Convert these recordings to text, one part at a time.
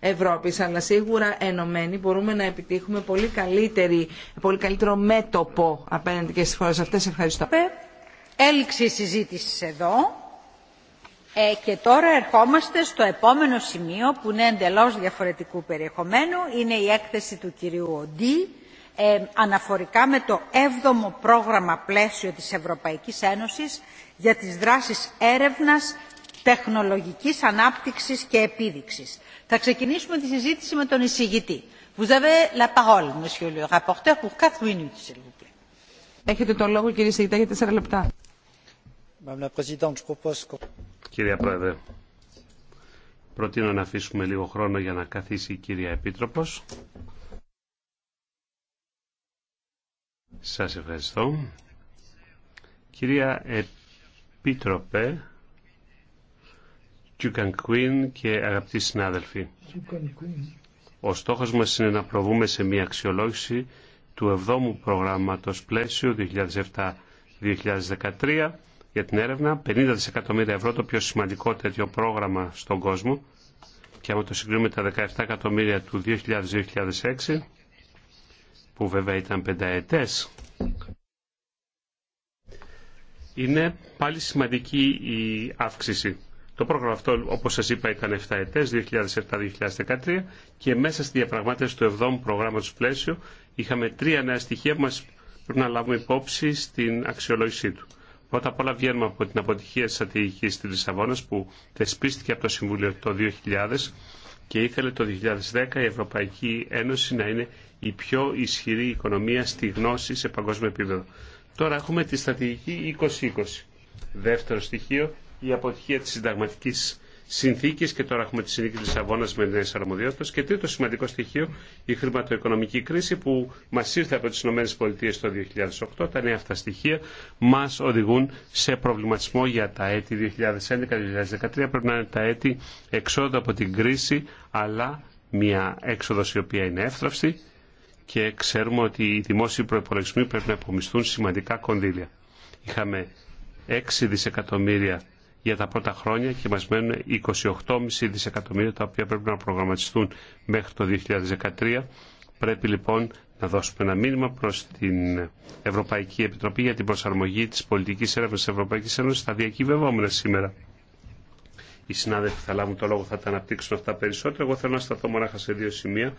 Ευρώπης, αλλά σίγουρα ενωμένοι μπορούμε να επιτύχουμε πολύ, καλύτερη, πολύ καλύτερο μέτωπο απέναντι και στις χώρες αυτές. Ευχαριστώ. Ε, έληξε η συζήτηση εδώ ε, και τώρα ερχόμαστε στο επόμενο σημείο που είναι εντελώς διαφορετικού περιεχομένου. Είναι η έκθεση του κυρίου Οντή ε, αναφορικά με το 7ο πρόγραμμα πλαίσιο της Ευρωπαϊκής Ένωσης για τις δράσεις έρευνας τεχνολογικής ανάπτυξης και επίδειξης. Θα ξεκινήσουμε τη συζήτηση με τον εισηγητή. Vous avez la parole, monsieur le rapporteur, pour 4 minutes, s'il vous plaît. Έχετε τον λόγο, κύριε εισηγητή, για τέσσερα λεπτά. Κυρία Πρόεδρε, προτείνω να αφήσουμε λίγο χρόνο για να καθίσει η κυρία Επίτροπος. Σας ευχαριστώ. Κυρία Επίτροπε, Κιούκαν Κουίν και αγαπητοί συνάδελφοι. Ο στόχος μας είναι να προβούμε σε μια αξιολόγηση του 7ου προγράμματος πλαίσιο 2007-2013 για την έρευνα. 50 δισεκατομμύρια ευρώ το πιο σημαντικό τέτοιο πρόγραμμα στον κόσμο και άμα το συγκρίνουμε τα 17 εκατομμύρια του 2000-2006 που βέβαια ήταν πενταετές είναι πάλι σημαντική η αύξηση. Το πρόγραμμα αυτό, όπω σα είπα, ήταν 7 ετε 2007 2007-2013 και μέσα στη διαπραγμάτευση του 7ου προγράμματος πλαίσιο είχαμε τρία νέα στοιχεία που μα πρέπει να λάβουμε υπόψη στην αξιολόγησή του. Πρώτα απ' όλα βγαίνουμε από την αποτυχία τη στρατηγική τη Λισαβόνα που θεσπίστηκε από το Συμβούλιο το 2000 και ήθελε το 2010 η Ευρωπαϊκή Ένωση να είναι η πιο ισχυρή οικονομία στη γνώση σε παγκόσμιο επίπεδο. Τώρα έχουμε τη στρατηγική 2020. Δεύτερο στοιχείο, η αποτυχία της συνταγματικής συνθήκης και τώρα έχουμε τη συνθήκη της Αβώνας με νέες αρμοδιότητες και τρίτο σημαντικό στοιχείο η χρηματοοικονομική κρίση που μας ήρθε από τις ΗΠΑ το 2008 τα νέα αυτά στοιχεία μας οδηγούν σε προβληματισμό για τα έτη 2011-2013 πρέπει να είναι τα έτη εξόδου από την κρίση αλλά μια έξοδος η οποία είναι εύθραυστη και ξέρουμε ότι οι δημόσιοι προπολογισμοί πρέπει να υπομισθούν σημαντικά κονδύλια. Είχαμε 6 δισεκατομμύρια για τα πρώτα χρόνια και μας μένουν 28,5 δισεκατομμύρια τα οποία πρέπει να προγραμματιστούν μέχρι το 2013. Πρέπει λοιπόν να δώσουμε ένα μήνυμα προς την Ευρωπαϊκή Επιτροπή για την προσαρμογή της πολιτικής έρευνας της Ευρωπαϊκής Ένωσης στα διακυβευόμενα σήμερα. Οι συνάδελφοι θα λάβουν το λόγο θα τα αναπτύξουν αυτά περισσότερο. Εγώ θέλω να σταθώ μονάχα σε δύο σημεία.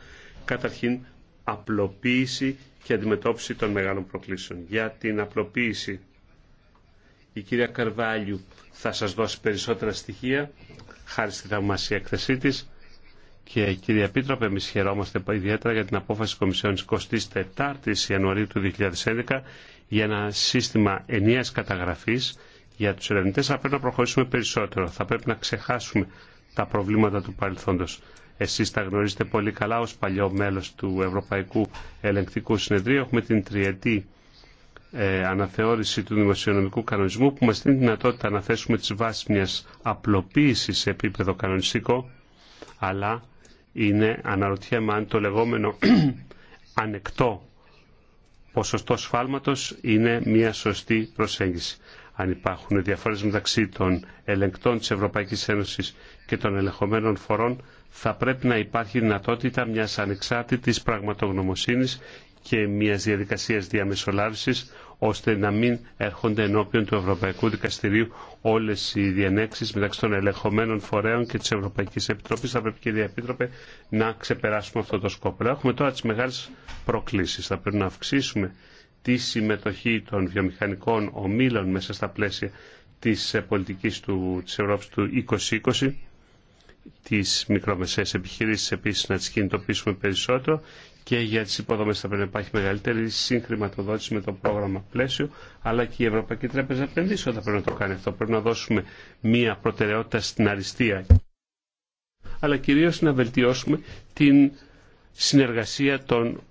Καταρχήν, απλοποίηση και αντιμετώπιση των μεγάλων προκλήσεων. Για την απλοποίηση η κυρία Καρβάλιου θα σας δώσει περισσότερα στοιχεία, χάρη στη θαυμασία έκθεσή της. Και κύριε Πίτροπε, εμεί χαιρόμαστε ιδιαίτερα για την απόφαση Κομισιόν 24 Ιανουαρίου του 2011 για ένα σύστημα ενιαίας καταγραφής για τους ερευνητές θα πρέπει να προχωρήσουμε περισσότερο. Θα πρέπει να ξεχάσουμε τα προβλήματα του παρελθόντος. Εσείς τα γνωρίζετε πολύ καλά ως παλιό μέλος του Ευρωπαϊκού Ελεγκτικού Συνεδρίου. Έχουμε την τριετή ε, αναθεώρηση του δημοσιονομικού κανονισμού που μας δίνει δυνατότητα να θέσουμε τις βάσεις μιας απλοποίησης σε επίπεδο κανονιστικό αλλά είναι αναρωτιέμαι αν το λεγόμενο ανεκτό ποσοστό σφάλματος είναι μια σωστή προσέγγιση. Αν υπάρχουν διαφορές μεταξύ των ελεγκτών της Ευρωπαϊκής Ένωσης και των ελεγχομένων φορών θα πρέπει να υπάρχει δυνατότητα μιας ανεξάρτητης πραγματογνωμοσύνης και μιας διαδικασίας διαμεσολάβησης ώστε να μην έρχονται ενώπιον του Ευρωπαϊκού Δικαστηρίου όλε οι διενέξει μεταξύ των ελεγχομένων φορέων και τη Ευρωπαϊκή Επιτροπή. Θα πρέπει, κυρία Επίτροπε, να ξεπεράσουμε αυτό το σκοπό. Έχουμε τώρα τι μεγάλε προκλήσει. Θα πρέπει να αυξήσουμε τη συμμετοχή των βιομηχανικών ομίλων μέσα στα πλαίσια της ε, πολιτικής του, της Ευρώπης του 2020 τις μικρομεσαίες επιχειρήσεις επίσης να τις κινητοποιήσουμε περισσότερο και για τις υποδομές θα πρέπει να υπάρχει μεγαλύτερη συγχρηματοδότηση με το πρόγραμμα πλαίσιο αλλά και η Ευρωπαϊκή Τράπεζα Επενδύσεων θα πρέπει να το κάνει αυτό. Πρέπει να δώσουμε μία προτεραιότητα στην αριστεία αλλά κυρίως να βελτιώσουμε την συνεργασία των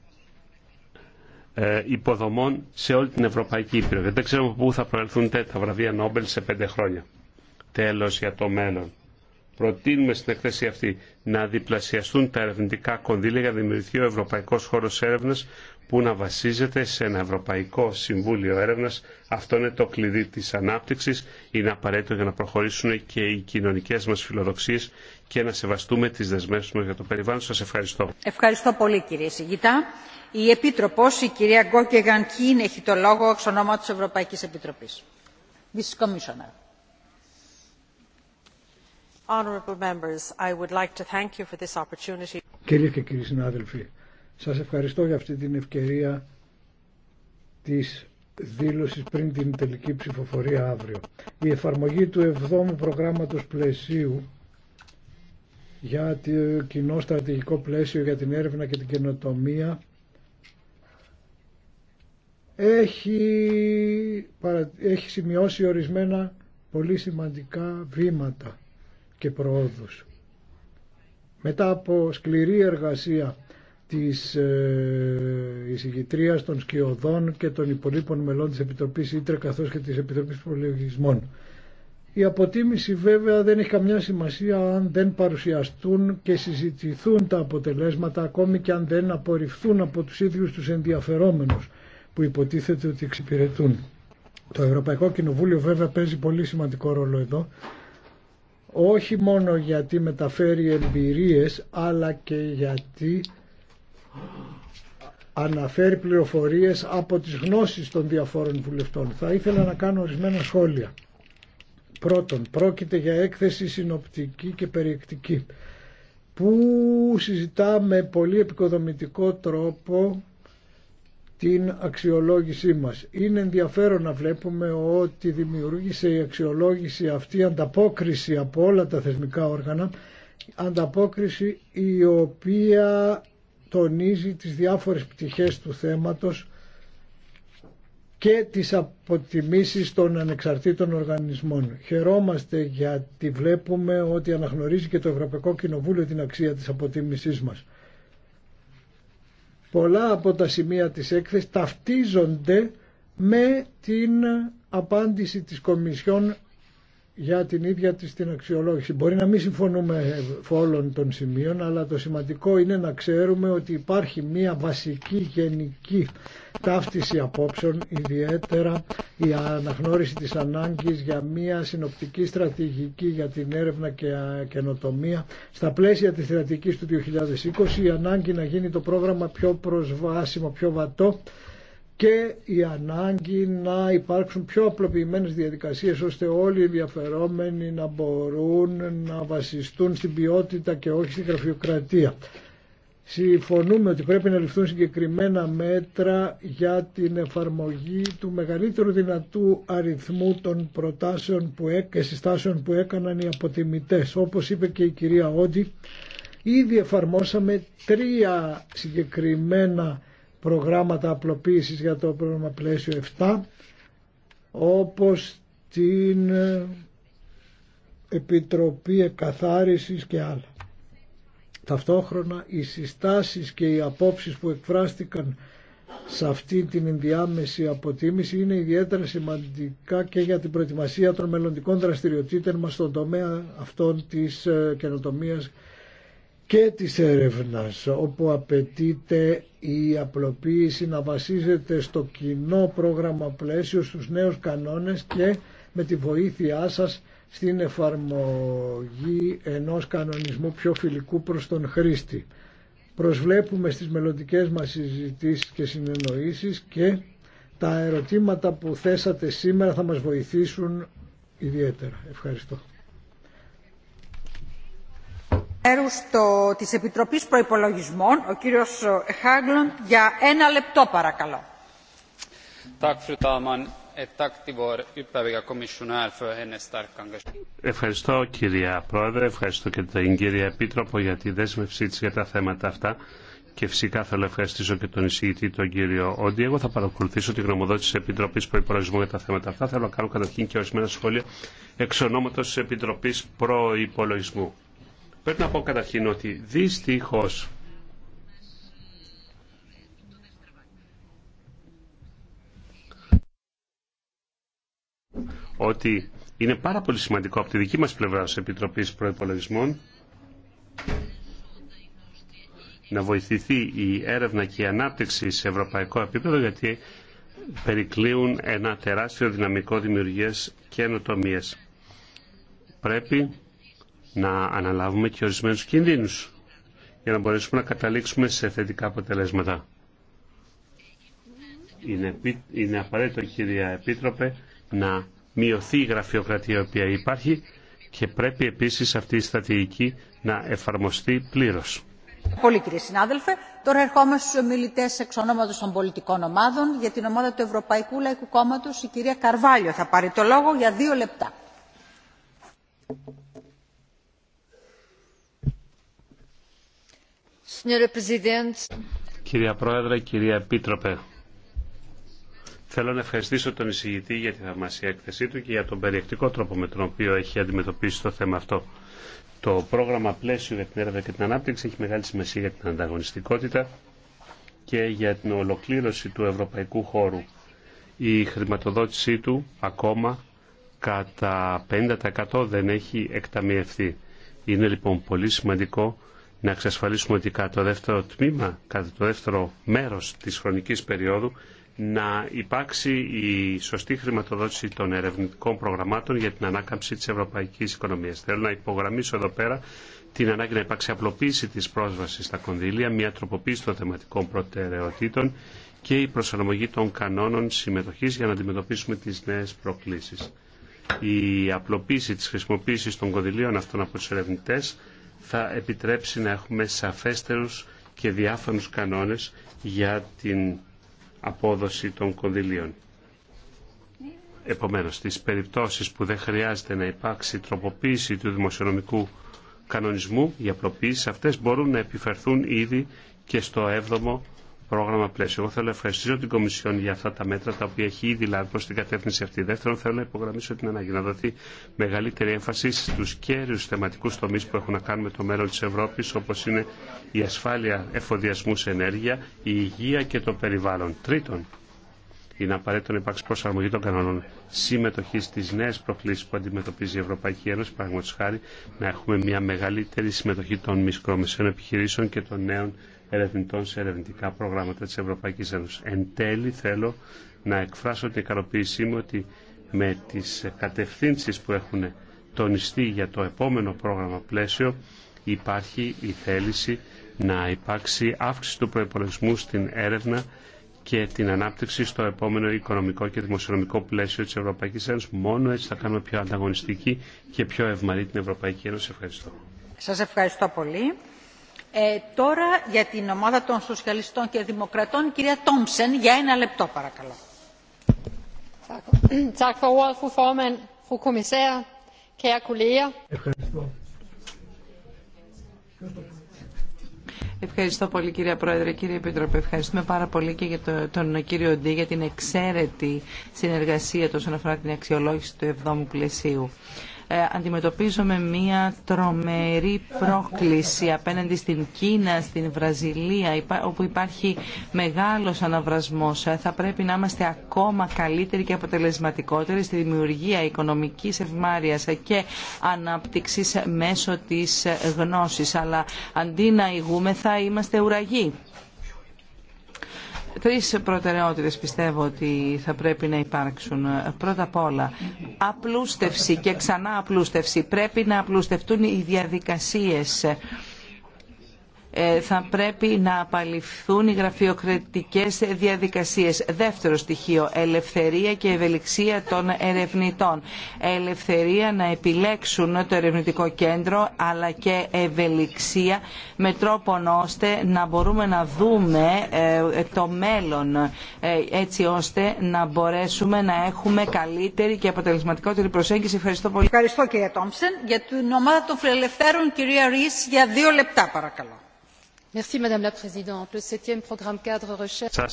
ε, υποδομών σε όλη την Ευρωπαϊκή Ήπειρο. Δεν ξέρουμε πού θα προελθούν τέτοια βραβεία Νόμπελ σε πέντε χρόνια. Τέλος για το μέλλον. Προτείνουμε στην εκθέση αυτή να διπλασιαστούν τα ερευνητικά κονδύλια για να δημιουργηθεί ο Ευρωπαϊκό Χώρο Έρευνα που να βασίζεται σε ένα Ευρωπαϊκό Συμβούλιο Έρευνα. Αυτό είναι το κλειδί τη ανάπτυξη. Είναι απαραίτητο για να προχωρήσουν και οι κοινωνικέ μα φιλοδοξίε και να σεβαστούμε τι δεσμεύσει μα για το περιβάλλον. Σα ευχαριστώ. Ευχαριστώ πολύ, κύριε Σιγητά. Η Επίτροπο, η κυρία Γκόκεγαν Κίν, έχει το λόγο εξ ονόματο Ευρωπαϊκή Επιτροπή. Κυρίε και κύριοι συνάδελφοι, σας ευχαριστώ για αυτή την ευκαιρία της δήλωσης πριν την τελική ψηφοφορία αύριο. Η εφαρμογή του 7ου προγράμματος πλαισίου για το κοινό στρατηγικό πλαίσιο για την έρευνα και την καινοτομία έχει, έχει σημειώσει ορισμένα πολύ σημαντικά βήματα και προόδους. Μετά από σκληρή εργασία της ε, εισηγητρίας των σκιωδών και των υπολείπων μελών της Επιτροπής Ήτρε καθώς και της Επιτροπής Προλογισμών. Η αποτίμηση βέβαια δεν έχει καμιά σημασία αν δεν παρουσιαστούν και συζητηθούν τα αποτελέσματα ακόμη και αν δεν απορριφθούν από τους ίδιους τους ενδιαφερόμενους που υποτίθεται ότι εξυπηρετούν. Το Ευρωπαϊκό Κοινοβούλιο βέβαια παίζει πολύ σημαντικό ρόλο εδώ όχι μόνο γιατί μεταφέρει εμπειρίες αλλά και γιατί αναφέρει πληροφορίες από τις γνώσεις των διαφόρων βουλευτών. Θα ήθελα να κάνω ορισμένα σχόλια. Πρώτον, πρόκειται για έκθεση συνοπτική και περιεκτική που συζητά με πολύ επικοδομητικό τρόπο την αξιολόγησή μας. Είναι ενδιαφέρον να βλέπουμε ότι δημιουργήσε η αξιολόγηση αυτή ανταπόκριση από όλα τα θεσμικά όργανα, ανταπόκριση η οποία τονίζει τις διάφορες πτυχές του θέματος και τις αποτιμήσεις των ανεξαρτήτων οργανισμών. Χαιρόμαστε γιατί βλέπουμε ότι αναγνωρίζει και το Ευρωπαϊκό Κοινοβούλιο την αξία της αποτίμησής μας πολλά από τα σημεία της έκθεσης ταυτίζονται με την απάντηση της Κομισιόν για την ίδια της την αξιολόγηση. Μπορεί να μην συμφωνούμε φόλων των σημείων, αλλά το σημαντικό είναι να ξέρουμε ότι υπάρχει μία βασική γενική ταύτιση απόψεων, ιδιαίτερα η αναγνώριση της ανάγκης για μια συνοπτική στρατηγική για την έρευνα και καινοτομία στα πλαίσια της στρατηγικής του 2020, η ανάγκη να γίνει το πρόγραμμα πιο προσβάσιμο, πιο βατό και η ανάγκη να υπάρξουν πιο απλοποιημένες διαδικασίες ώστε όλοι οι ενδιαφερόμενοι να μπορούν να βασιστούν στην ποιότητα και όχι στην γραφειοκρατία. Συμφωνούμε ότι πρέπει να ληφθούν συγκεκριμένα μέτρα για την εφαρμογή του μεγαλύτερου δυνατού αριθμού των προτάσεων που έ, και συστάσεων που έκαναν οι αποτιμητές. Όπως είπε και η κυρία Όντι, ήδη εφαρμόσαμε τρία συγκεκριμένα προγράμματα απλοποίησης για το πρόγραμμα πλαίσιο 7, όπως την Επιτροπή Εκαθάρισης και άλλα. Ταυτόχρονα οι συστάσεις και οι απόψεις που εκφράστηκαν σε αυτή την ενδιάμεση αποτίμηση είναι ιδιαίτερα σημαντικά και για την προετοιμασία των μελλοντικών δραστηριοτήτων μας στον τομέα αυτών της ε, καινοτομίας και της έρευνας όπου απαιτείται η απλοποίηση να βασίζεται στο κοινό πρόγραμμα πλαίσιο στους νέους κανόνες και με τη βοήθειά σας στην εφαρμογή ενός κανονισμού πιο φιλικού προς τον χρήστη. Προσβλέπουμε στις μελλοντικές μας συζητήσεις και συνεννοήσεις και τα ερωτήματα που θέσατε σήμερα θα μας βοηθήσουν ιδιαίτερα. Ευχαριστώ. το της Επιτροπής Προϋπολογισμών, ο κύριος Χάγλον για ένα λεπτό παρακαλώ. Ε, ευχαριστώ κυρία Πρόεδρε, ευχαριστώ και την κυρία Επίτροπο για τη δέσμευσή της για τα θέματα αυτά και φυσικά θέλω να ευχαριστήσω και τον εισηγητή τον κύριο Όντι. Εγώ θα παρακολουθήσω τη γνωμοδότηση τη Επιτροπή Προπολογισμού για τα θέματα αυτά. Θέλω να κάνω καταρχήν και ορισμένα σχόλια εξ ονόματος τη Επιτροπή Προπολογισμού. Πρέπει να πω καταρχήν ότι δυστυχώ ότι είναι πάρα πολύ σημαντικό από τη δική μας πλευρά ως Επιτροπής Προϋπολογισμών να βοηθηθεί η έρευνα και η ανάπτυξη σε ευρωπαϊκό επίπεδο γιατί περικλείουν ένα τεράστιο δυναμικό δημιουργίας και ενοτομίας. Πρέπει να αναλάβουμε και ορισμένους κινδύνους για να μπορέσουμε να καταλήξουμε σε θετικά αποτελέσματα. Είναι, είναι απαραίτητο, κυρία Επίτροπε, να μειωθεί η γραφειοκρατία η οποία υπάρχει και πρέπει επίσης αυτή η στρατηγική να εφαρμοστεί πλήρως. Πολύ κύριε συνάδελφε. Τώρα ερχόμαστε στους ομιλητές εξ ονόματος των πολιτικών ομάδων. Για την ομάδα του Ευρωπαϊκού Λαϊκού Κόμματος η κυρία Καρβάλιο θα πάρει το λόγο για δύο λεπτά. Κυρία Πρόεδρε, κυρία Επίτροπε, Θέλω να ευχαριστήσω τον εισηγητή για τη θαυμασία έκθεσή του και για τον περιεκτικό τρόπο με τον οποίο έχει αντιμετωπίσει το θέμα αυτό. Το πρόγραμμα πλαίσιο για την έρευνα και την ανάπτυξη έχει μεγάλη σημασία για την ανταγωνιστικότητα και για την ολοκλήρωση του ευρωπαϊκού χώρου. Η χρηματοδότησή του ακόμα κατά 50% δεν έχει εκταμιευθεί. Είναι λοιπόν πολύ σημαντικό να εξασφαλίσουμε ότι κατά το δεύτερο τμήμα, κατά το δεύτερο μέρος της χρονικής περίοδου να υπάρξει η σωστή χρηματοδότηση των ερευνητικών προγραμμάτων για την ανάκαμψη της ευρωπαϊκής οικονομίας. Θέλω να υπογραμμίσω εδώ πέρα την ανάγκη να υπάρξει απλοποίηση της πρόσβασης στα κονδύλια, μια τροποποίηση των θεματικών προτεραιοτήτων και η προσαρμογή των κανόνων συμμετοχής για να αντιμετωπίσουμε τις νέες προκλήσεις. Η απλοποίηση της χρησιμοποίησης των κονδυλίων αυτών από τους ερευνητέ θα επιτρέψει να έχουμε σαφέστερους και διάφανους κανόνες για την απόδοση των κονδυλίων. Επομένως, στις περιπτώσεις που δεν χρειάζεται να υπάρξει τροποποίηση του δημοσιονομικού κανονισμού, οι απλοποιήσεις αυτές μπορούν να επιφερθούν ήδη και στο 7ο πρόγραμμα πλαίσιο. Εγώ θέλω να ευχαριστήσω την Κομισιόν για αυτά τα μέτρα τα οποία έχει ήδη λάβει προ την κατεύθυνση αυτή. Δεύτερον, θέλω να υπογραμμίσω την ανάγκη να δοθεί μεγαλύτερη έμφαση στου κέριου θεματικού τομεί που έχουν να κάνουν με το μέλλον τη Ευρώπη, όπω είναι η ασφάλεια εφοδιασμού σε ενέργεια, η υγεία και το περιβάλλον. Τρίτον, είναι απαραίτητο να υπάρξει προσαρμογή των κανόνων συμμετοχή στι νέε προκλήσει που αντιμετωπίζει η Ευρωπαϊκή Ένωση. Παραδείγματο χάρη, να έχουμε μια μεγαλύτερη συμμετοχή των μικρομεσαίων επιχειρήσεων και των νέων ερευνητών σε ερευνητικά προγράμματα της Ευρωπαϊκής Ένωσης. Εν τέλει θέλω να εκφράσω την ικανοποίησή μου ότι με τις κατευθύνσεις που έχουν τονιστεί για το επόμενο πρόγραμμα πλαίσιο υπάρχει η θέληση να υπάρξει αύξηση του προϋπολογισμού στην έρευνα και την ανάπτυξη στο επόμενο οικονομικό και δημοσιονομικό πλαίσιο της Ευρωπαϊκής Ένωσης. Μόνο έτσι θα κάνουμε πιο ανταγωνιστική και πιο ευμαρή την Ευρωπαϊκή Ένωση. Ευχαριστώ. Σας ευχαριστώ πολύ. Ε, τώρα για την ομάδα των Σοσιαλιστών και Δημοκρατών, κυρία Τόμψεν, για ένα λεπτό παρακαλώ. Ευχαριστώ. πολύ Κυρία Πρόεδρε, κύριε Επίτροπε. Ευχαριστούμε πάρα πολύ και για τον κύριο Ντί για την εξαίρετη συνεργασία του όσον αφορά την αξιολόγηση του 7ου πλαισίου. Ε, αντιμετωπίζουμε μία τρομερή πρόκληση απέναντι στην Κίνα, στην Βραζιλία, όπου υπάρχει μεγάλος αναβρασμός. Ε, θα πρέπει να είμαστε ακόμα καλύτεροι και αποτελεσματικότεροι στη δημιουργία οικονομικής ευμάρειας και ανάπτυξης μέσω της γνώσης. Αλλά αντί να ηγούμε θα είμαστε ουραγοί. Τρεις προτεραιότητες πιστεύω ότι θα πρέπει να υπάρξουν. Πρώτα απ' όλα, απλούστευση και ξανά απλούστευση. Πρέπει να απλούστευτούν οι διαδικασίες ε, θα πρέπει να απαλληφθούν οι γραφειοκρατικές διαδικασίες. Δεύτερο στοιχείο, ελευθερία και ευελιξία των ερευνητών. Ελευθερία να επιλέξουν το ερευνητικό κέντρο αλλά και ευελιξία με τρόπο ώστε να μπορούμε να δούμε ε, το μέλλον ε, έτσι ώστε να μπορέσουμε να έχουμε καλύτερη και αποτελεσματικότερη προσέγγιση. Ευχαριστώ πολύ. Ευχαριστώ κύριε Τόμψεν. Για την ομάδα των φιλελευθέρων κυρία Ρίς για δύο λεπτά παρακαλώ. Σας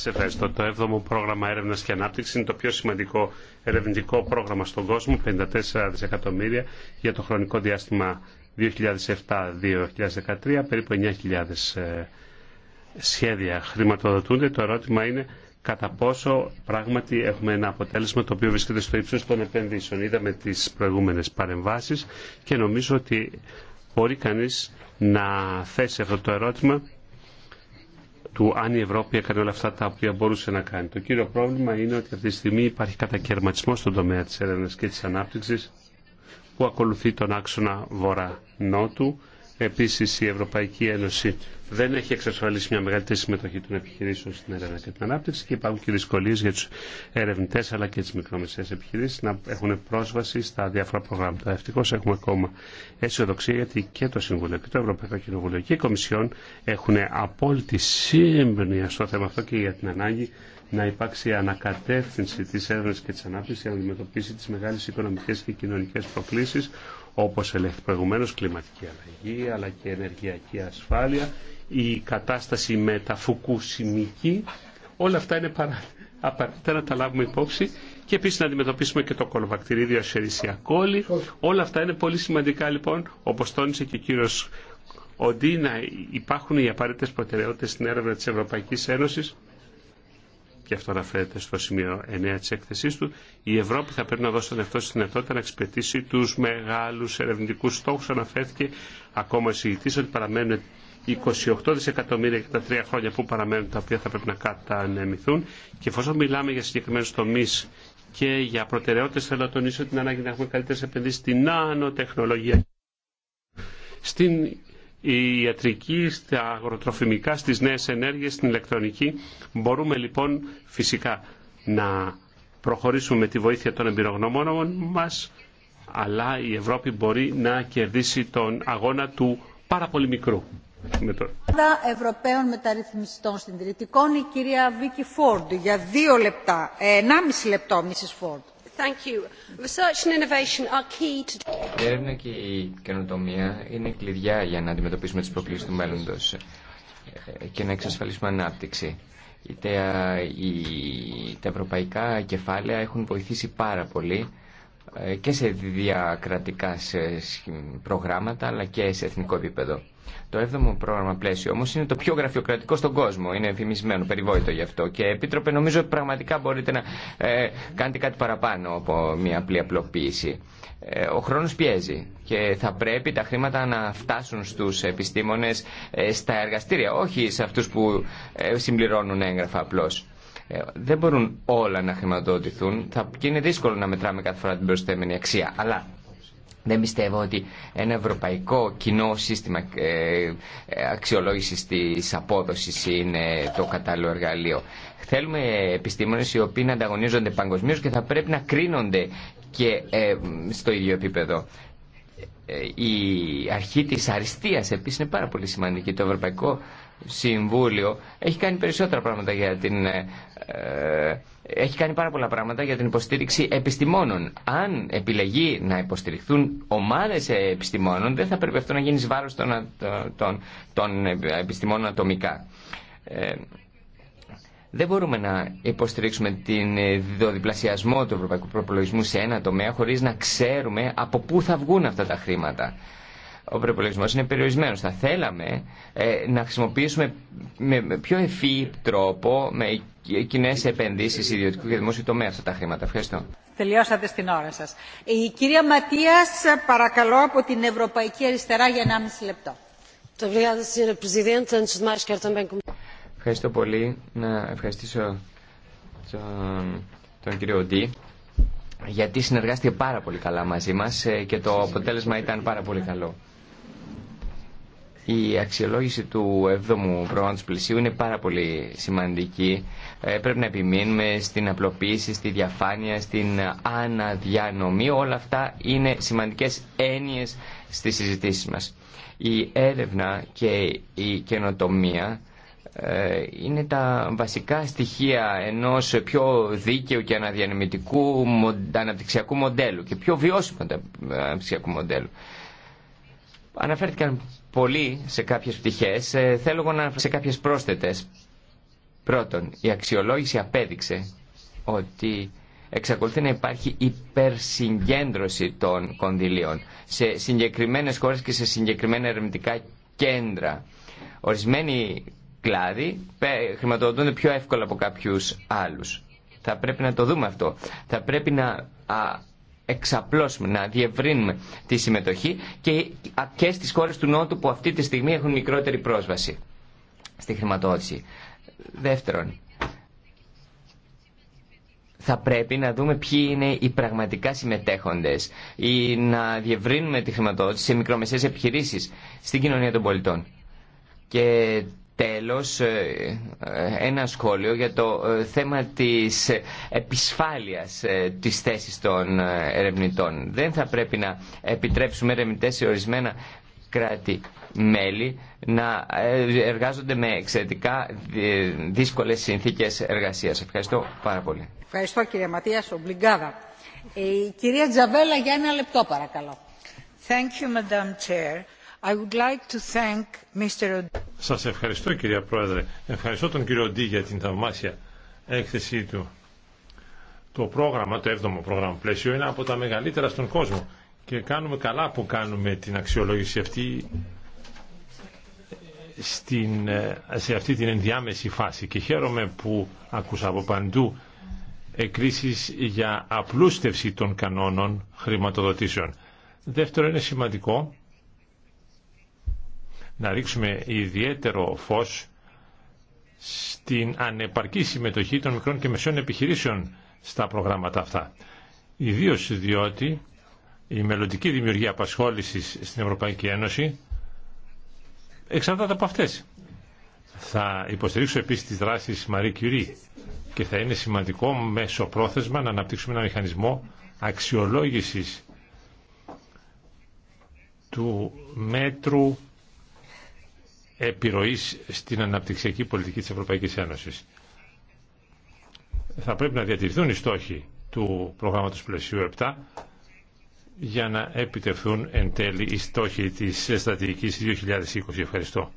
ευχαριστώ. Το 7ο πρόγραμμα έρευνας και ανάπτυξης είναι το πιο σημαντικό ερευνητικό πρόγραμμα στον κόσμο, 54 δισεκατομμύρια για το χρονικό διάστημα 2007-2013, περίπου 9.000 ε, σχέδια χρηματοδοτούνται. Το ερώτημα είναι κατά πόσο πράγματι έχουμε ένα αποτέλεσμα το οποίο βρίσκεται στο ύψος των επενδύσεων. Είδαμε τις προηγούμενες παρεμβάσεις και νομίζω ότι μπορεί κανείς να θέσει αυτό το ερώτημα του αν η Ευρώπη έκανε όλα αυτά τα οποία μπορούσε να κάνει. Το κύριο πρόβλημα είναι ότι αυτή τη στιγμή υπάρχει κατακαιρματισμό στον τομέα της έρευνας και της ανάπτυξης που ακολουθεί τον άξονα βορρά-νότου Επίσης η Ευρωπαϊκή Ένωση δεν έχει εξασφαλίσει μια μεγαλύτερη συμμετοχή των επιχειρήσεων στην έρευνα και την ανάπτυξη και υπάρχουν και δυσκολίε για του ερευνητέ αλλά και τι μικρομεσαίε επιχειρήσει να έχουν πρόσβαση στα διάφορα προγράμματα. Ευτυχώ έχουμε ακόμα αισιοδοξία γιατί και το Συμβούλιο και το Ευρωπαϊκό Κοινοβούλιο και η Κομισιόν έχουν απόλυτη σύμπνοια στο θέμα αυτό και για την ανάγκη να υπάρξει ανακατεύθυνση τη έρευνα και τη ανάπτυξη για να αντιμετωπίσει τι μεγάλε οικονομικέ και κοινωνικέ προκλήσει όπως ελέγχθη προηγουμένως, κλιματική αλλαγή αλλά και ενεργειακή ασφάλεια, η κατάσταση με τα φουκουσιμική, όλα αυτά είναι παρά... απαραίτητα να τα λάβουμε υπόψη και επίσης να αντιμετωπίσουμε και το κολοβακτηρίδιο ασχερίσια κόλλη. Όλα αυτά είναι πολύ σημαντικά λοιπόν, όπως τόνισε και ο κύριος Οντί, υπάρχουν οι απαραίτητες προτεραιότητες στην έρευνα της Ευρωπαϊκής Ένωσης και αυτό αναφέρεται στο σημείο 9 της έκθεσής του, η Ευρώπη θα πρέπει να δώσει τον εαυτό τη δυνατότητα να εξυπηρετήσει τους μεγάλους ερευνητικούς στόχους. Αναφέρθηκε ακόμα ο ότι παραμένουν 28 δισεκατομμύρια για τα τρία χρόνια που παραμένουν τα οποία θα πρέπει να κατανεμηθούν και εφόσον μιλάμε για συγκεκριμένου τομεί και για προτεραιότητε, θέλω να τονίσω την ανάγκη να έχουμε καλύτερε επενδύσει στην νάνοτεχνολογία στην η ιατρική, στα αγροτροφημικά, στις νέες ενέργειες, στην ηλεκτρονική. Μπορούμε λοιπόν φυσικά να προχωρήσουμε με τη βοήθεια των εμπειρογνωμόνων μας, αλλά η Ευρώπη μπορεί να κερδίσει τον αγώνα του πάρα πολύ μικρού. Με το... Ευρωπαίων μεταρρυθμιστών συντηρητικών, η κυρία Βίκη Φόρντ για δύο λεπτά, ε, ενάμιση λεπτό, μισής Φόρντ. Η έρευνα και η καινοτομία είναι κλειδιά για να αντιμετωπίσουμε τις προκλήσεις του μέλλοντος και να εξασφαλίσουμε ανάπτυξη. τα ευρωπαϊκά κεφάλαια έχουν βοηθήσει πάρα πολύ ε, και σε διακρατικά προγράμματα αλλά και σε εθνικό επίπεδο. Το 7ο πρόγραμμα πλαίσιο όμω είναι το πιο γραφειοκρατικό στον κόσμο. Είναι εμφημισμένο, περιβόητο γι' αυτό. Και επίτροπε, νομίζω ότι πραγματικά μπορείτε να ε, κάνετε κάτι παραπάνω από μια απλή απλοποίηση. Ε, ο χρόνο πιέζει και θα πρέπει τα χρήματα να φτάσουν στου επιστήμονε ε, στα εργαστήρια, όχι σε αυτού που συμπληρώνουν έγγραφα απλώ. Ε, δεν μπορούν όλα να χρηματοδοτηθούν θα, και είναι δύσκολο να μετράμε κάθε φορά την προσθέμενη αξία. Αλλά δεν πιστεύω ότι ένα ευρωπαϊκό κοινό σύστημα ε, ε, αξιολόγησης της απόδοσης είναι το κατάλληλο εργαλείο. Θέλουμε επιστήμονες οι οποίοι να ανταγωνίζονται παγκοσμίω και θα πρέπει να κρίνονται και στο ίδιο επίπεδο. Η αρχή της αριστείας επίσης είναι πάρα πολύ σημαντική. Το ευρωπαϊκό Συμβούλιο έχει κάνει περισσότερα πράγματα για την... Ε, ε, έχει κάνει πάρα πολλά πράγματα για την υποστήριξη επιστημόνων. Αν επιλεγεί να υποστηριχθούν ομάδες επιστημόνων, δεν θα πρέπει αυτό να γίνει βάρος των, των, των επιστημόνων ατομικά. Ε, δεν μπορούμε να υποστηρίξουμε την ε, διπλασιασμό του ευρωπαϊκού προπολογισμού σε ένα τομέα χωρίς να ξέρουμε από πού θα βγουν αυτά τα χρήματα ο προπολογισμό είναι περιορισμένο. Θα θέλαμε ε, να χρησιμοποιήσουμε με πιο ευφύ τρόπο, με κοινέ επενδύσει ιδιωτικού και δημόσιου τομέα αυτά τα χρήματα. Ευχαριστώ. Τελειώσατε στην ώρα σα. Η κυρία Ματία, παρακαλώ, από την Ευρωπαϊκή Αριστερά για 1,5 λεπτό. Ευχαριστώ πολύ. Να ευχαριστήσω τον, τον κύριο Ντί γιατί συνεργάστηκε πάρα πολύ καλά μαζί μας ε, και το αποτέλεσμα ήταν πάρα πολύ καλό. Η αξιολόγηση του 7ου προγράμματος πλησίου είναι πάρα πολύ σημαντική. Ε, πρέπει να επιμείνουμε στην απλοποίηση, στη διαφάνεια, στην αναδιανομή. Όλα αυτά είναι σημαντικές έννοιες στις συζητήσεις μας. Η έρευνα και η καινοτομία ε, είναι τα βασικά στοιχεία ενός πιο δίκαιου και αναδιανεμητικού αναπτυξιακού μοντέλου και πιο βιώσιμου αναπτυξιακού μοντέλου. Αναφέρθηκαν πολύ σε κάποιες πτυχές, ε, θέλω να αναφέρω σε κάποιες πρόσθετες. Πρώτον, η αξιολόγηση απέδειξε ότι εξακολουθεί να υπάρχει υπερσυγκέντρωση των κονδυλίων σε συγκεκριμένες χώρες και σε συγκεκριμένα ερευνητικά κέντρα. Ορισμένοι κλάδοι χρηματοδοτούνται πιο εύκολα από κάποιους άλλους. Θα πρέπει να το δούμε αυτό. Θα πρέπει να εξαπλώσουμε, να διευρύνουμε τη συμμετοχή και, και στις χώρες του Νότου που αυτή τη στιγμή έχουν μικρότερη πρόσβαση στη χρηματοδότηση. Δεύτερον, θα πρέπει να δούμε ποιοι είναι οι πραγματικά συμμετέχοντες ή να διευρύνουμε τη χρηματοδότηση σε μικρομεσαίες επιχειρήσεις στην κοινωνία των πολιτών. Και Τέλος, ε, ε, ένα σχόλιο για το ε, θέμα της επισφάλειας της θέσης των ερευνητών. Δεν θα πρέπει να επιτρέψουμε ερευνητές σε ορισμένα κράτη-μέλη να εργάζονται με εξαιρετικά δύσκολες συνθήκες εργασίας. Ευχαριστώ πάρα πολύ. Ευχαριστώ κύριε Ματίας Ομπλιγκάδα. Η κυρία Τζαβέλα για ένα λεπτό παρακαλώ. Thank you, Madam σας ευχαριστώ κυρία Πρόεδρε. Ευχαριστώ τον κύριο Ντί για την θαυμάσια έκθεσή του. Το πρόγραμμα, το 7ο πρόγραμμα πλαίσιο είναι από τα μεγαλύτερα στον κόσμο και κάνουμε καλά που κάνουμε την αξιολόγηση αυτή στην, σε αυτή την ενδιάμεση φάση και χαίρομαι που ακούσα από παντού εκκλήσεις για απλούστευση των κανόνων χρηματοδοτήσεων. Δεύτερο είναι σημαντικό να ρίξουμε ιδιαίτερο φως στην ανεπαρκή συμμετοχή των μικρών και μεσαίων επιχειρήσεων στα προγράμματα αυτά. Ιδίω διότι η μελλοντική δημιουργία απασχόληση στην Ευρωπαϊκή Ένωση εξαρτάται από αυτές. Θα υποστηρίξω επίσης τις δράσεις Μαρή Curie και θα είναι σημαντικό μέσω πρόθεσμα να αναπτύξουμε ένα μηχανισμό αξιολόγησης του μέτρου επιρροή στην αναπτυξιακή πολιτική της Ευρωπαϊκής Ένωσης. Θα πρέπει να διατηρηθούν οι στόχοι του προγράμματος πλαισίου 7 για να επιτευχθούν εν τέλει οι στόχοι της στρατηγικής 2020. Ευχαριστώ.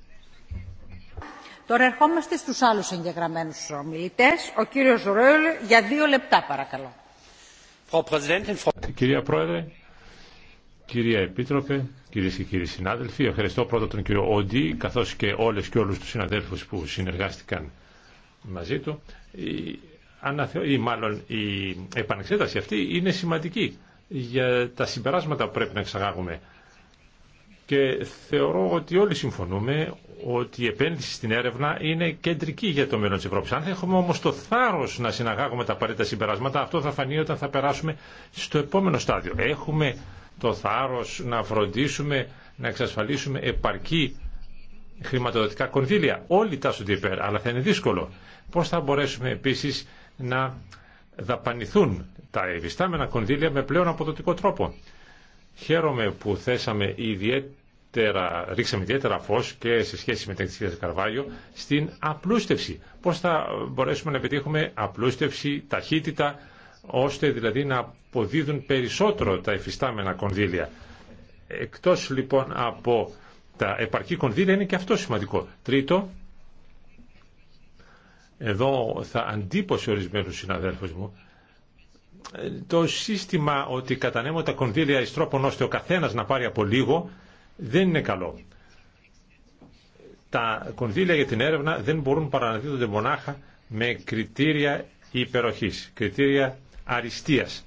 Τώρα ερχόμαστε στους άλλους εγγεγραμμένους ομιλητές. Ο κύριος Ρόελ για δύο λεπτά παρακαλώ. Κυρία Πρόεδρε, Κυρία Επίτροπε, κύριε και κύριοι συνάδελφοι, ευχαριστώ πρώτα τον κύριο Όντι, καθώ και όλε και όλου του συναδέλφους που συνεργάστηκαν μαζί του. Η, αναθεω... ή μάλλον η επανεξέταση αυτή είναι σημαντική για τα συμπεράσματα που πρέπει να εξαγάγουμε. Και θεωρώ ότι όλοι συμφωνούμε ότι η επένδυση στην έρευνα είναι κεντρική για το μέλλον τη Ευρώπη. Αν έχουμε όμω το θάρρο να συναγάγουμε τα απαραίτητα συμπεράσματα, αυτό θα φανεί όταν θα περάσουμε στο επόμενο στάδιο. Έχουμε το θάρρος να φροντίσουμε να εξασφαλίσουμε επαρκή χρηματοδοτικά κονδύλια. Όλοι τάσσονται υπέρ, αλλά θα είναι δύσκολο. Πώς θα μπορέσουμε επίσης να δαπανηθούν τα ευιστάμενα κονδύλια με πλέον αποδοτικό τρόπο. Χαίρομαι που θέσαμε ιδιαίτερα, ρίξαμε ιδιαίτερα φως και σε σχέση με την του Καρβάγιο στην απλούστευση. Πώς θα μπορέσουμε να επιτύχουμε απλούστευση, ταχύτητα ώστε δηλαδή να αποδίδουν περισσότερο τα εφιστάμενα κονδύλια. Εκτός λοιπόν από τα επαρκή κονδύλια είναι και αυτό σημαντικό. Τρίτο, εδώ θα αντίπωσε ορισμένους συναδέλφους μου, το σύστημα ότι κατανέμω τα κονδύλια εις τρόπον ώστε ο καθένας να πάρει από λίγο δεν είναι καλό. Τα κονδύλια για την έρευνα δεν μπορούν παρά να δίδονται μονάχα με κριτήρια υπεροχής, κριτήρια αριστείας.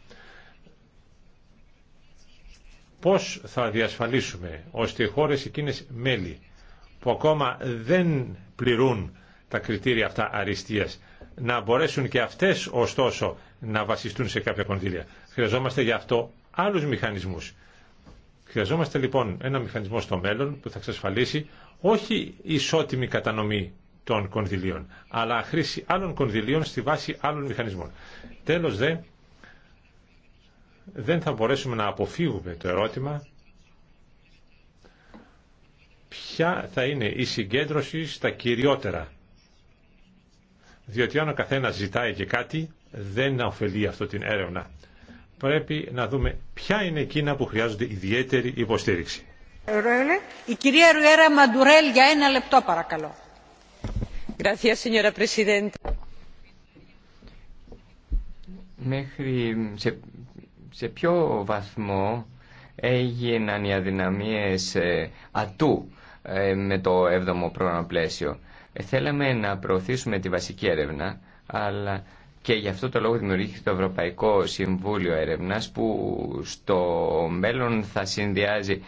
Πώς θα διασφαλίσουμε ώστε οι χώρες εκείνες μέλη που ακόμα δεν πληρούν τα κριτήρια αυτά αριστείας να μπορέσουν και αυτές ωστόσο να βασιστούν σε κάποια κονδύλια. Χρειαζόμαστε γι' αυτό άλλους μηχανισμούς. Χρειαζόμαστε λοιπόν ένα μηχανισμό στο μέλλον που θα εξασφαλίσει όχι ισότιμη κατανομή των κονδυλίων, αλλά χρήση άλλων κονδυλίων στη βάση άλλων μηχανισμών. Τέλος δε, δεν θα μπορέσουμε να αποφύγουμε το ερώτημα ποια θα είναι η συγκέντρωση στα κυριότερα. Διότι αν ο καθένας ζητάει και κάτι, δεν ωφελεί αυτό την έρευνα. Πρέπει να δούμε ποια είναι εκείνα που χρειάζονται ιδιαίτερη υποστήριξη. Η κυρία Ρουέρα Μαντουρέλ για ένα λεπτό παρακαλώ. Μέχρι σε, σε ποιο βαθμό έγιναν οι αδυναμίες ε, ατού ε, με το 7ο πρόγραμμα πλαίσιο. Ε, θέλαμε να προωθήσουμε τη βασική έρευνα, αλλά και γι' αυτό το λόγο δημιουργήθηκε το Ευρωπαϊκό Συμβούλιο Έρευνας που στο μέλλον θα συνδυάζει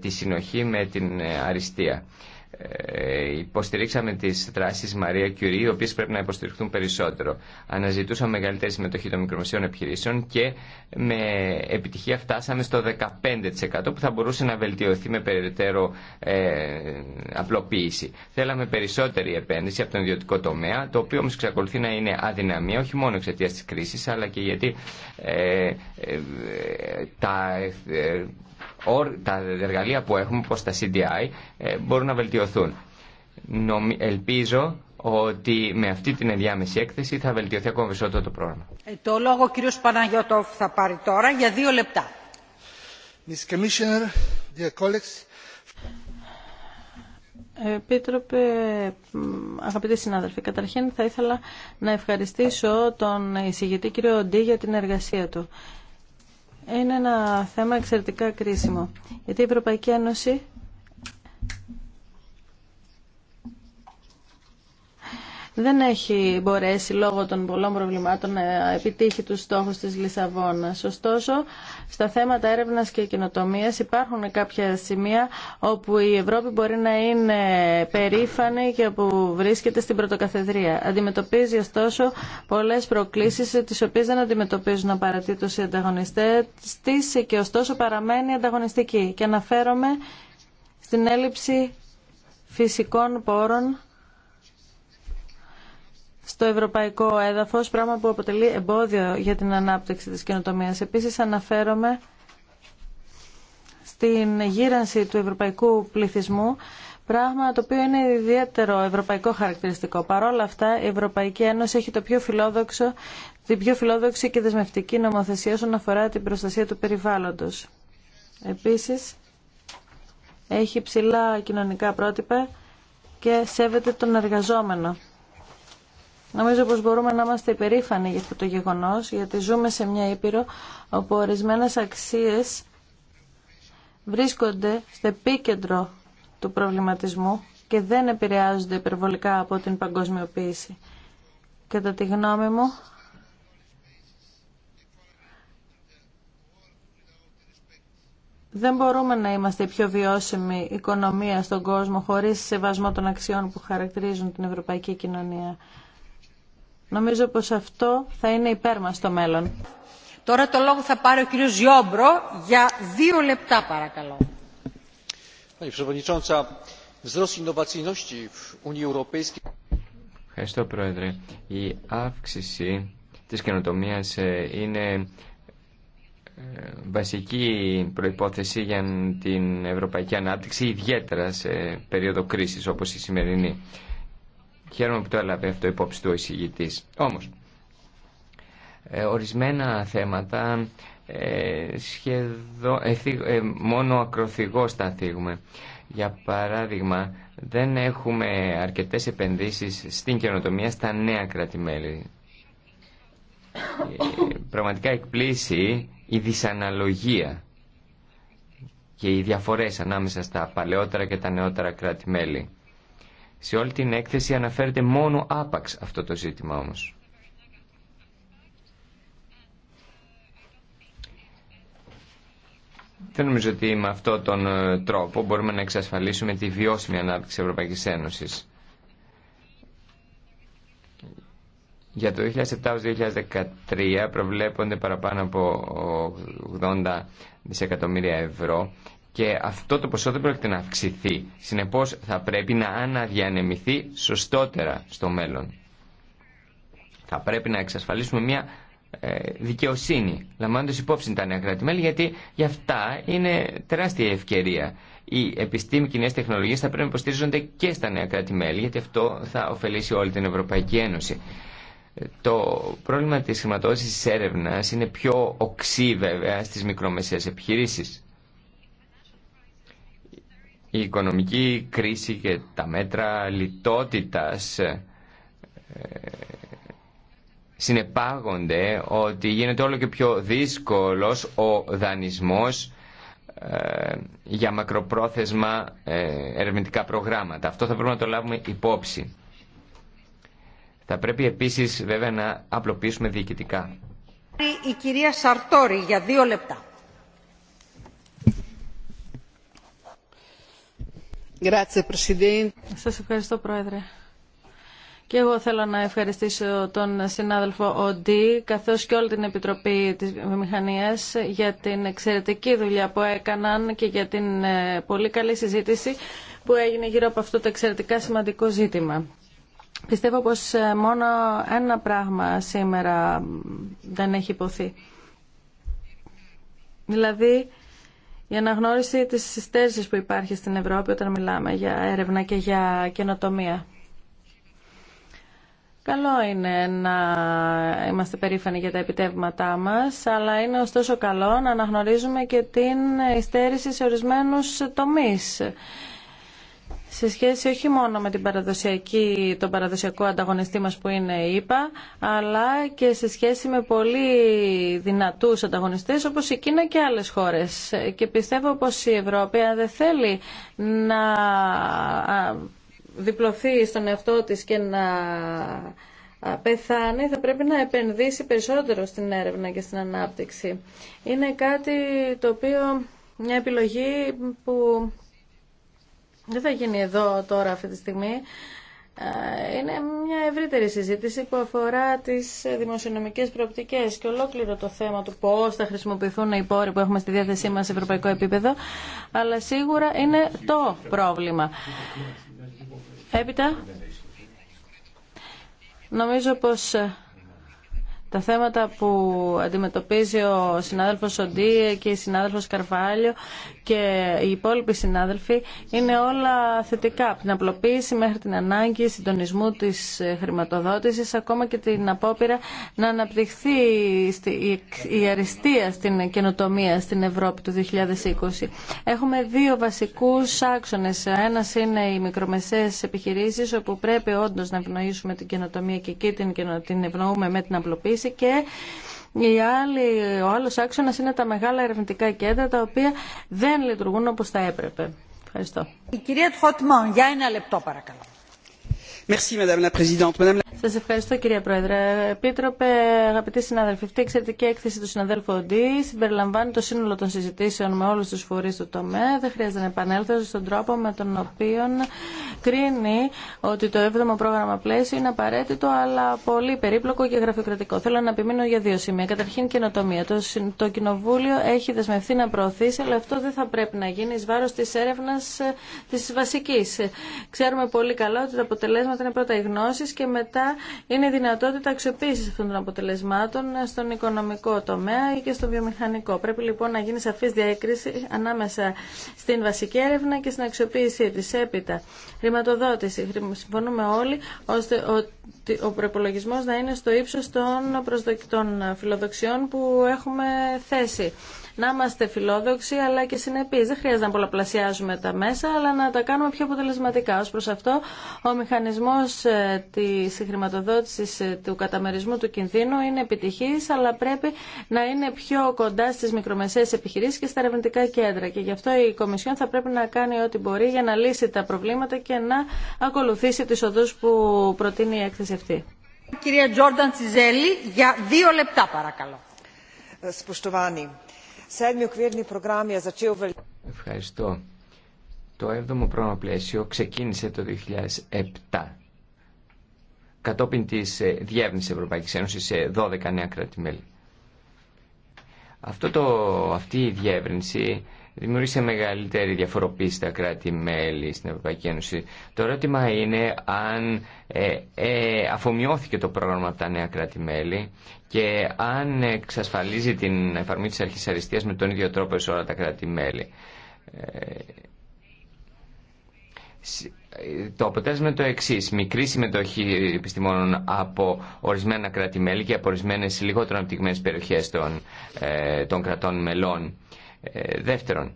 τη συνοχή με την αριστεία. Ε, υποστηρίξαμε τις δράσει Μαρία Κιουρί, οι οποίε πρέπει να υποστηριχθούν περισσότερο. Αναζητούσαμε μεγαλύτερη συμμετοχή των μικρομεσαίων επιχειρήσεων και με επιτυχία φτάσαμε στο 15% που θα μπορούσε να βελτιωθεί με περαιτέρω ε, απλοποίηση. Θέλαμε περισσότερη επένδυση από τον ιδιωτικό τομέα, το οποίο όμω εξακολουθεί να είναι αδυναμία, όχι μόνο εξαιτία τη κρίση, αλλά και γιατί ε, ε, ε τα τα εργαλεία που έχουμε, όπως τα CDI, ε, μπορούν να βελτιωθούν. Ελπίζω ότι με αυτή την ενδιάμεση έκθεση θα βελτιωθεί ακόμα περισσότερο το πρόγραμμα. Ε, το λόγο ο κύριος Παναγιώτοφ θα πάρει τώρα για δύο λεπτά. Επίτροπε, αγαπητοί συνάδελφοι, καταρχήν θα ήθελα να ευχαριστήσω τον εισηγητή κύριο Ντί για την εργασία του είναι ένα θέμα εξαιρετικά κρίσιμο. Γιατί η Ευρωπαϊκή Ένωση δεν έχει μπορέσει λόγω των πολλών προβλημάτων να επιτύχει τους στόχους της Λισαβόνας. Ωστόσο, στα θέματα έρευνας και καινοτομίας υπάρχουν κάποια σημεία όπου η Ευρώπη μπορεί να είναι περήφανη και που βρίσκεται στην πρωτοκαθεδρία. Αντιμετωπίζει ωστόσο πολλές προκλήσεις τις οποίες δεν αντιμετωπίζουν απαρατήτως οι ανταγωνιστές της και ωστόσο παραμένει ανταγωνιστική. Και αναφέρομαι στην έλλειψη φυσικών πόρων στο ευρωπαϊκό έδαφος, πράγμα που αποτελεί εμπόδιο για την ανάπτυξη της καινοτομία. Επίσης αναφέρομαι στην γύρανση του ευρωπαϊκού πληθυσμού, πράγμα το οποίο είναι ιδιαίτερο ευρωπαϊκό χαρακτηριστικό. Παρόλα αυτά, η Ευρωπαϊκή Ένωση έχει το πιο φιλόδοξο, την πιο φιλόδοξη και δεσμευτική νομοθεσία όσον αφορά την προστασία του περιβάλλοντο. Επίση, έχει ψηλά κοινωνικά πρότυπα και σέβεται τον εργαζόμενο. Νομίζω πως μπορούμε να είμαστε υπερήφανοι για αυτό το γεγονός, γιατί ζούμε σε μια Ήπειρο όπου ορισμένε αξίες βρίσκονται στο επίκεντρο του προβληματισμού και δεν επηρεάζονται υπερβολικά από την παγκοσμιοποίηση. Κατά τη γνώμη μου, δεν μπορούμε να είμαστε η πιο βιώσιμη οικονομία στον κόσμο χωρίς σεβασμό των αξιών που χαρακτηρίζουν την ευρωπαϊκή κοινωνία. Νομίζω πως αυτό θα είναι υπέρ μας στο μέλλον. Τώρα το λόγο θα πάρει ο κύριος Ζιόμπρο για δύο λεπτά παρακαλώ. Ευχαριστώ Πρόεδρε. Η αύξηση της καινοτομίας ε, είναι ε, βασική προϋπόθεση για την ευρωπαϊκή ανάπτυξη ιδιαίτερα σε περίοδο κρίσης όπως η σημερινή. Χαίρομαι που το έλαβε αυτό υπόψη του ο εισηγητής. Όμως, ε, ορισμένα θέματα ε, σχεδόν, ε, μόνο ακροθυγώς τα θίγουμε. Για παράδειγμα, δεν έχουμε αρκετές επενδύσεις στην καινοτομία στα νέα κράτη-μέλη. Πραγματικά εκπλήσει η δυσαναλογία και οι διαφορές ανάμεσα στα παλαιότερα και τα νεότερα κράτη-μέλη. Σε όλη την έκθεση αναφέρεται μόνο άπαξ αυτό το ζήτημα όμως. Δεν νομίζω ότι με αυτόν τον ε, τρόπο μπορούμε να εξασφαλίσουμε τη βιώσιμη ανάπτυξη της Ευρωπαϊκής Ένωσης. Για το 2007-2013 προβλέπονται παραπάνω από 80 δισεκατομμύρια ευρώ και αυτό το ποσό δεν πρόκειται να αυξηθεί. Συνεπώς θα πρέπει να αναδιανεμηθεί σωστότερα στο μέλλον. Θα πρέπει να εξασφαλίσουμε μια ε, δικαιοσύνη, λαμβάνοντα υπόψη τα νέα κράτη-μέλη, γιατί για αυτά είναι τεράστια ευκαιρία. Η επιστήμη και οι νέε τεχνολογίε θα πρέπει να υποστηρίζονται και στα νέα κράτη-μέλη, γιατί αυτό θα ωφελήσει όλη την Ευρωπαϊκή Ένωση. Ε, το πρόβλημα της χρηματοδότησης της έρευνας είναι πιο οξύ βέβαια στις μικρομεσαίες επιχειρήσεις. Η οικονομική κρίση και τα μέτρα λιτότητας ε, συνεπάγονται ότι γίνεται όλο και πιο δύσκολος ο δανεισμός ε, για μακροπρόθεσμα ε, ερευνητικά προγράμματα. Αυτό θα πρέπει να το λάβουμε υπόψη. Θα πρέπει επίσης βέβαια να απλοποιήσουμε διοικητικά. Η κυρία Σαρτόρη για δύο λεπτά. Σας ευχαριστώ Πρόεδρε. Και εγώ θέλω να ευχαριστήσω τον συνάδελφο Οντί, καθώς και όλη την Επιτροπή της Μηχανίας για την εξαιρετική δουλειά που έκαναν και για την ε, πολύ καλή συζήτηση που έγινε γύρω από αυτό το εξαιρετικά σημαντικό ζήτημα. Πιστεύω πως ε, μόνο ένα πράγμα σήμερα δεν έχει υποθεί. Δηλαδή, η αναγνώριση της συστέρησης που υπάρχει στην Ευρώπη όταν μιλάμε για έρευνα και για καινοτομία. Καλό είναι να είμαστε περήφανοι για τα επιτεύγματά μας, αλλά είναι ωστόσο καλό να αναγνωρίζουμε και την υστέρηση σε ορισμένους τομείς σε σχέση όχι μόνο με την παραδοσιακή, τον παραδοσιακό ανταγωνιστή μας που είναι η ΕΠΑ, αλλά και σε σχέση με πολύ δυνατούς ανταγωνιστές όπως η Κίνα και άλλες χώρες. Και πιστεύω πως η Ευρώπη αν δεν θέλει να διπλωθεί στον εαυτό της και να πεθάνει, θα πρέπει να επενδύσει περισσότερο στην έρευνα και στην ανάπτυξη. Είναι κάτι το οποίο, μια επιλογή που δεν θα γίνει εδώ τώρα αυτή τη στιγμή. Ε, είναι μια ευρύτερη συζήτηση που αφορά τις δημοσιονομικές προοπτικές και ολόκληρο το θέμα του πώς θα χρησιμοποιηθούν οι πόροι που έχουμε στη διάθεσή μας σε ευρωπαϊκό επίπεδο, αλλά σίγουρα είναι το πρόβλημα. Έπειτα, νομίζω πως τα θέματα που αντιμετωπίζει ο συνάδελφος Σοντή και η συνάδελφος Καρβάλιο και οι υπόλοιποι συνάδελφοι είναι όλα θετικά. Από την απλοποίηση μέχρι την ανάγκη συντονισμού της χρηματοδότησης, ακόμα και την απόπειρα να αναπτυχθεί η αριστεία στην καινοτομία στην Ευρώπη του 2020. Έχουμε δύο βασικούς άξονες. Ένας είναι οι μικρομεσαίες επιχειρήσεις, όπου πρέπει όντως να ευνοήσουμε την καινοτομία και εκεί την ευνοούμε με την απλοποίηση χρηματοδοτήσει και η άλλη, ο άλλος άξονας είναι τα μεγάλα ερευνητικά κέντρα τα οποία δεν λειτουργούν όπως θα έπρεπε. Ευχαριστώ. Η κυρία Τχοτμόν, για ένα λεπτό παρακαλώ. Merci, Madame la Présidente. Madame la... Σα ευχαριστώ κυρία Πρόεδρε. Επίτροπε, αγαπητοί συνάδελφοι, αυτή η εξαιρετική έκθεση του συναδέλφου Οντή συμπεριλαμβάνει το σύνολο των συζητήσεων με όλου του φορεί του τομέα. Δεν χρειάζεται να επανέλθω στον τρόπο με τον οποίο κρίνει ότι το 7ο πρόγραμμα πλαίσιο είναι απαραίτητο αλλά πολύ περίπλοκο και γραφειοκρατικό. Θέλω να επιμείνω για δύο σημεία. Καταρχήν καινοτομία. Το, το Κοινοβούλιο έχει δεσμευτεί να προωθήσει, αλλά αυτό δεν θα πρέπει να γίνει ει βάρο τη έρευνα ε, τη Ξέρουμε πολύ καλά ότι τα αποτελέσματα είναι πρώτα οι και μετά είναι η δυνατότητα αξιοποίηση αυτών των αποτελεσμάτων στον οικονομικό τομέα ή και στο βιομηχανικό. Πρέπει λοιπόν να γίνει σαφή διάκριση ανάμεσα στην βασική έρευνα και στην αξιοποίησή τη. Έπειτα, χρηματοδότηση. Συμφωνούμε όλοι ώστε ότι ο προπολογισμό να είναι στο ύψο των, των φιλοδοξιών που έχουμε θέσει να είμαστε φιλόδοξοι αλλά και συνεπεί. Δεν χρειάζεται να πολλαπλασιάζουμε τα μέσα, αλλά να τα κάνουμε πιο αποτελεσματικά. Ω προ αυτό, ο μηχανισμό ε, τη χρηματοδότηση ε, του καταμερισμού του κινδύνου είναι επιτυχή, αλλά πρέπει να είναι πιο κοντά στι μικρομεσαίε επιχειρήσει και στα ερευνητικά κέντρα. Και γι' αυτό η Κομισιόν θα πρέπει να κάνει ό,τι μπορεί για να λύσει τα προβλήματα και να ακολουθήσει τι οδού που προτείνει η έκθεση αυτή. Κυρία Τζόρνταν Τσιζέλη, για δύο λεπτά παρακαλώ. Ε, Ευχαριστώ. Το 7ο πρόγραμμα πλαίσιο ξεκίνησε το 2007 κατόπιν της ε, διεύνησης Ευρωπαϊκής Ένωσης σε 12 νέα κράτη-μέλη. Αυτό το, αυτή η διεύρυνση δημιούργησε μεγαλύτερη διαφοροποίηση στα κράτη-μέλη στην Ευρωπαϊκή Ένωση. Το ερώτημα είναι αν ε, ε, αφομοιώθηκε το πρόγραμμα από τα νέα κράτη-μέλη και αν εξασφαλίζει την εφαρμογή της αρχής αριστείας με τον ίδιο τρόπο σε όλα τα κράτη-μέλη. Ε, το αποτέλεσμα είναι το εξή. Μικρή συμμετοχή επιστημόνων από ορισμένα κράτη-μέλη και από ορισμένε λιγότερο αναπτυγμένε περιοχέ των, ε, των κρατών μελών. Ε, δεύτερον,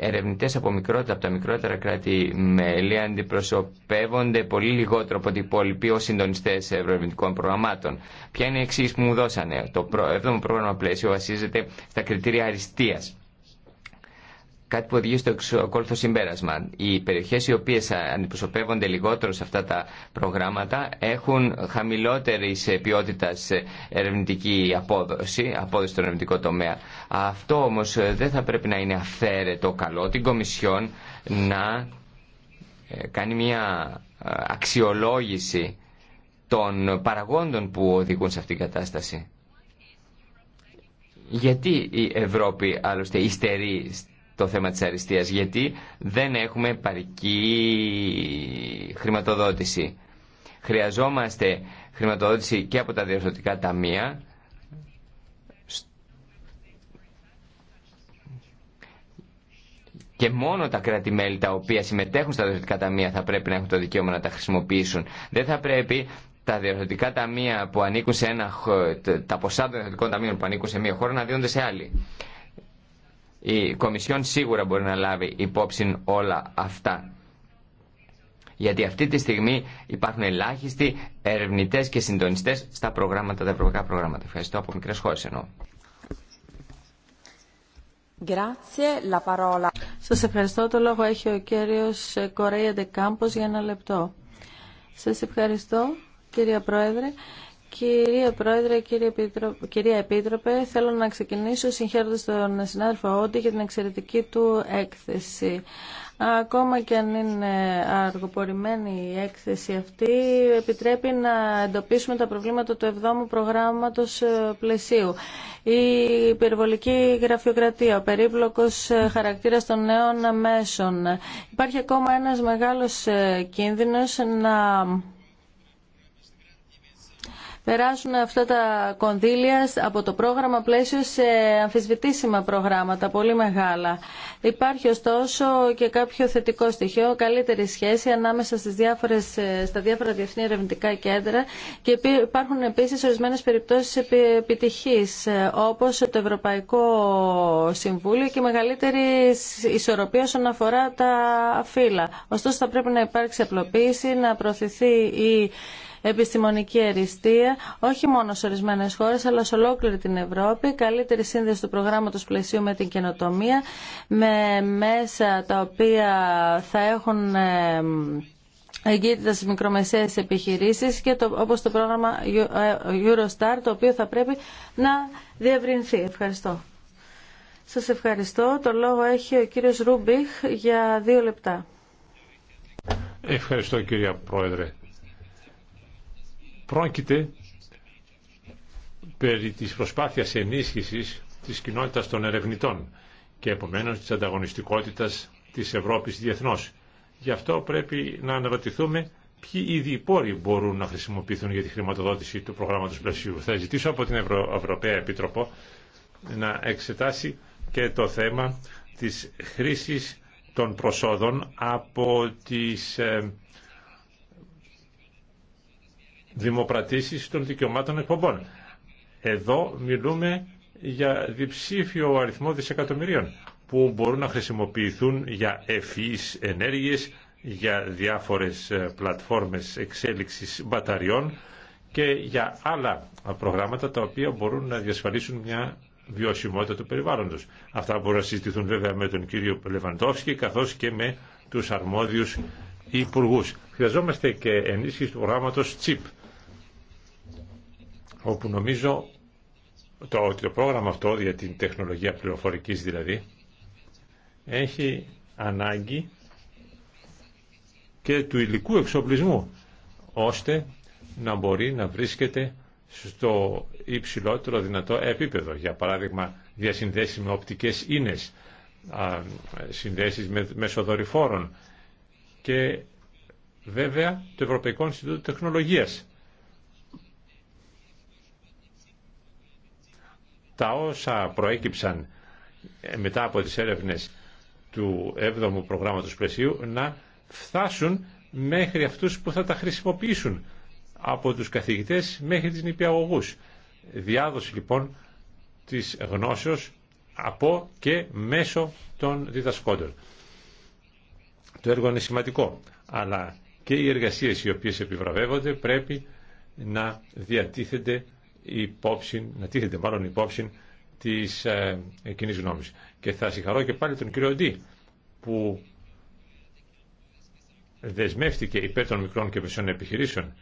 ερευνητές από, μικρότερα, από τα μικρότερα κράτη-μέλη αντιπροσωπεύονται πολύ λιγότερο από την υπόλοιπη ως συντονιστές ευρωερευνητικών προγραμμάτων. Ποια είναι η εξής που μου δώσανε. Το 7ο πρόγραμμα πλαίσιο βασίζεται στα κριτήρια αριστείας. Κάτι που οδηγεί στο εξοκόλουθο συμπέρασμα. Οι περιοχές οι οποίες αντιπροσωπεύονται λιγότερο σε αυτά τα προγράμματα έχουν χαμηλότερη ποιότητα ερευνητική απόδοση, απόδοση στον ερευνητικό τομέα. Αυτό όμως δεν θα πρέπει να είναι αφαίρετο καλό την Κομισιόν να ε, κάνει μια ε, αξιολόγηση των παραγόντων που οδηγούν σε αυτήν την κατάσταση. Γιατί η Ευρώπη άλλωστε υστερεί το θέμα της αριστείας γιατί δεν έχουμε παρική χρηματοδότηση. Χρειαζόμαστε χρηματοδότηση και από τα διορθωτικά ταμεία Και μόνο τα κράτη-μέλη τα οποία συμμετέχουν στα διορθωτικά ταμεία θα πρέπει να έχουν το δικαίωμα να τα χρησιμοποιήσουν. Δεν θα πρέπει τα διορθωτικά ταμεία που ανήκουν σε ένα, τα ποσά των διορθωτικών ταμείων που ανήκουν σε μία χώρα να δίνονται σε άλλη. Η Κομισιόν σίγουρα μπορεί να λάβει υπόψη όλα αυτά. Γιατί αυτή τη στιγμή υπάρχουν ελάχιστοι ερευνητέ και συντονιστέ στα προγράμματα, τα ευρωπαϊκά προγράμματα. Ευχαριστώ από μικρέ χώρε εννοώ. Σα ευχαριστώ. Το λόγο έχει ο κύριο Κορέιαντε Ντεκάμπο για ένα λεπτό. Σα ευχαριστώ, κυρία Πρόεδρε. Κυρία Πρόεδρε, κυρία Επίτροπε, θέλω να ξεκινήσω συγχαίροντας τον συνάδελφο Όντι για την εξαιρετική του έκθεση. Ακόμα και αν είναι αργοπορημένη η έκθεση αυτή, επιτρέπει να εντοπίσουμε τα προβλήματα του 7ου προγράμματος ε, πλαισίου. Η υπερβολική γραφειοκρατία, ο περίπλοκος ε, χαρακτήρας των νέων μέσων. Υπάρχει ακόμα ένας μεγάλος ε, κίνδυνος να περάσουν αυτά τα κονδύλια από το πρόγραμμα πλαίσιο σε αμφισβητήσιμα προγράμματα, πολύ μεγάλα. Υπάρχει ωστόσο και κάποιο θετικό στοιχείο, καλύτερη σχέση ανάμεσα στις διάφορες, στα διάφορα διεθνή ερευνητικά κέντρα και υπάρχουν επίσης ορισμένες περιπτώσεις επιτυχής, όπως το Ευρωπαϊκό Συμβούλιο και μεγαλύτερη ισορροπία όσον αφορά τα φύλλα. Ωστόσο θα πρέπει να υπάρξει απλοποίηση, να προωθηθεί η επιστημονική αριστεία, όχι μόνο σε ορισμένε χώρε, αλλά σε ολόκληρη την Ευρώπη, καλύτερη σύνδεση του προγράμματο πλαισίου με την καινοτομία, με μέσα τα οποία θα έχουν εγκύτητα στις μικρομεσαίες επιχειρήσεις και το, όπως το πρόγραμμα ε, Eurostar το οποίο θα πρέπει να διευρυνθεί. Ευχαριστώ. Σας ευχαριστώ. Το λόγο έχει ο κύριος Ρούμπιχ για δύο λεπτά. Ευχαριστώ κύριε Πρόεδρε. Πρόκειται περί της προσπάθειας ενίσχυσης της κοινότητας των ερευνητών και επομένως της ανταγωνιστικότητας της Ευρώπης διεθνώς. Γι' αυτό πρέπει να αναρωτηθούμε ποιοι ήδη πόροι μπορούν να χρησιμοποιηθούν για τη χρηματοδότηση του προγράμματος πλασίου. Θα ζητήσω από την Ευρω... Ευρωπαία Επίτροπο να εξετάσει και το θέμα της χρήσης των προσόδων από τις ε, δημοπρατήσεις των δικαιωμάτων εκπομπών. Εδώ μιλούμε για διψήφιο αριθμό δισεκατομμυρίων που μπορούν να χρησιμοποιηθούν για ευφυείς ενέργειες, για διάφορες ε, πλατφόρμες εξέλιξης μπαταριών και για άλλα προγράμματα τα οποία μπορούν να διασφαλίσουν μια βιωσιμότητα του περιβάλλοντος. Αυτά μπορούν να συζητηθούν βέβαια με τον κύριο Λεβαντόφσκι καθώς και με τους αρμόδιους υπουργούς. Χρειαζόμαστε και ενίσχυση του προγράμματος CHIP όπου νομίζω το, ότι το πρόγραμμα αυτό για την τεχνολογία πληροφορικής δηλαδή έχει ανάγκη και του υλικού εξοπλισμού ώστε να μπορεί να βρίσκεται στο υψηλότερο δυνατό επίπεδο. Για παράδειγμα, διασυνδέσεις με οπτικές ίνες, συνδέσεις με μεσοδορυφόρων και βέβαια το Ευρωπαϊκό Ινστιτούτο Τεχνολογίας Τα όσα προέκυψαν ε, μετά από τις έρευνες του 7ου προγράμματος πλαισίου να φτάσουν μέχρι αυτούς που θα τα χρησιμοποιήσουν από τους καθηγητές μέχρι τις νηπιαγωγούς. Διάδοση λοιπόν της γνώσεως από και μέσω των διδασκόντων. Το έργο είναι σημαντικό, αλλά και οι εργασίες οι οποίες επιβραβεύονται πρέπει να διατίθενται υπόψη, να τίθεται μάλλον υπόψη της ε, κοινή γνώμης. Και θα συγχαρώ και πάλι τον κύριο Ντί που δεσμεύτηκε υπέρ των μικρών και μεσών επιχειρήσεων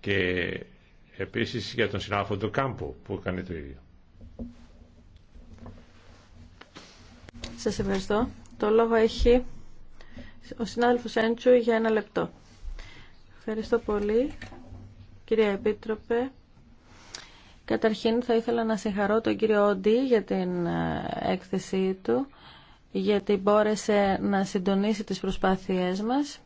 και επίσης για τον συνάδελφο του Κάμπο που έκανε το ίδιο. Σας ευχαριστώ. Το λόγο έχει ο συνάδελφος Έντσου για ένα λεπτό. Ευχαριστώ πολύ. Κυρία Επίτροπε, Καταρχήν θα ήθελα να συγχαρώ τον κύριο Όντι για την ε, έκθεσή του, γιατί μπόρεσε να συντονίσει τις προσπάθειές μας.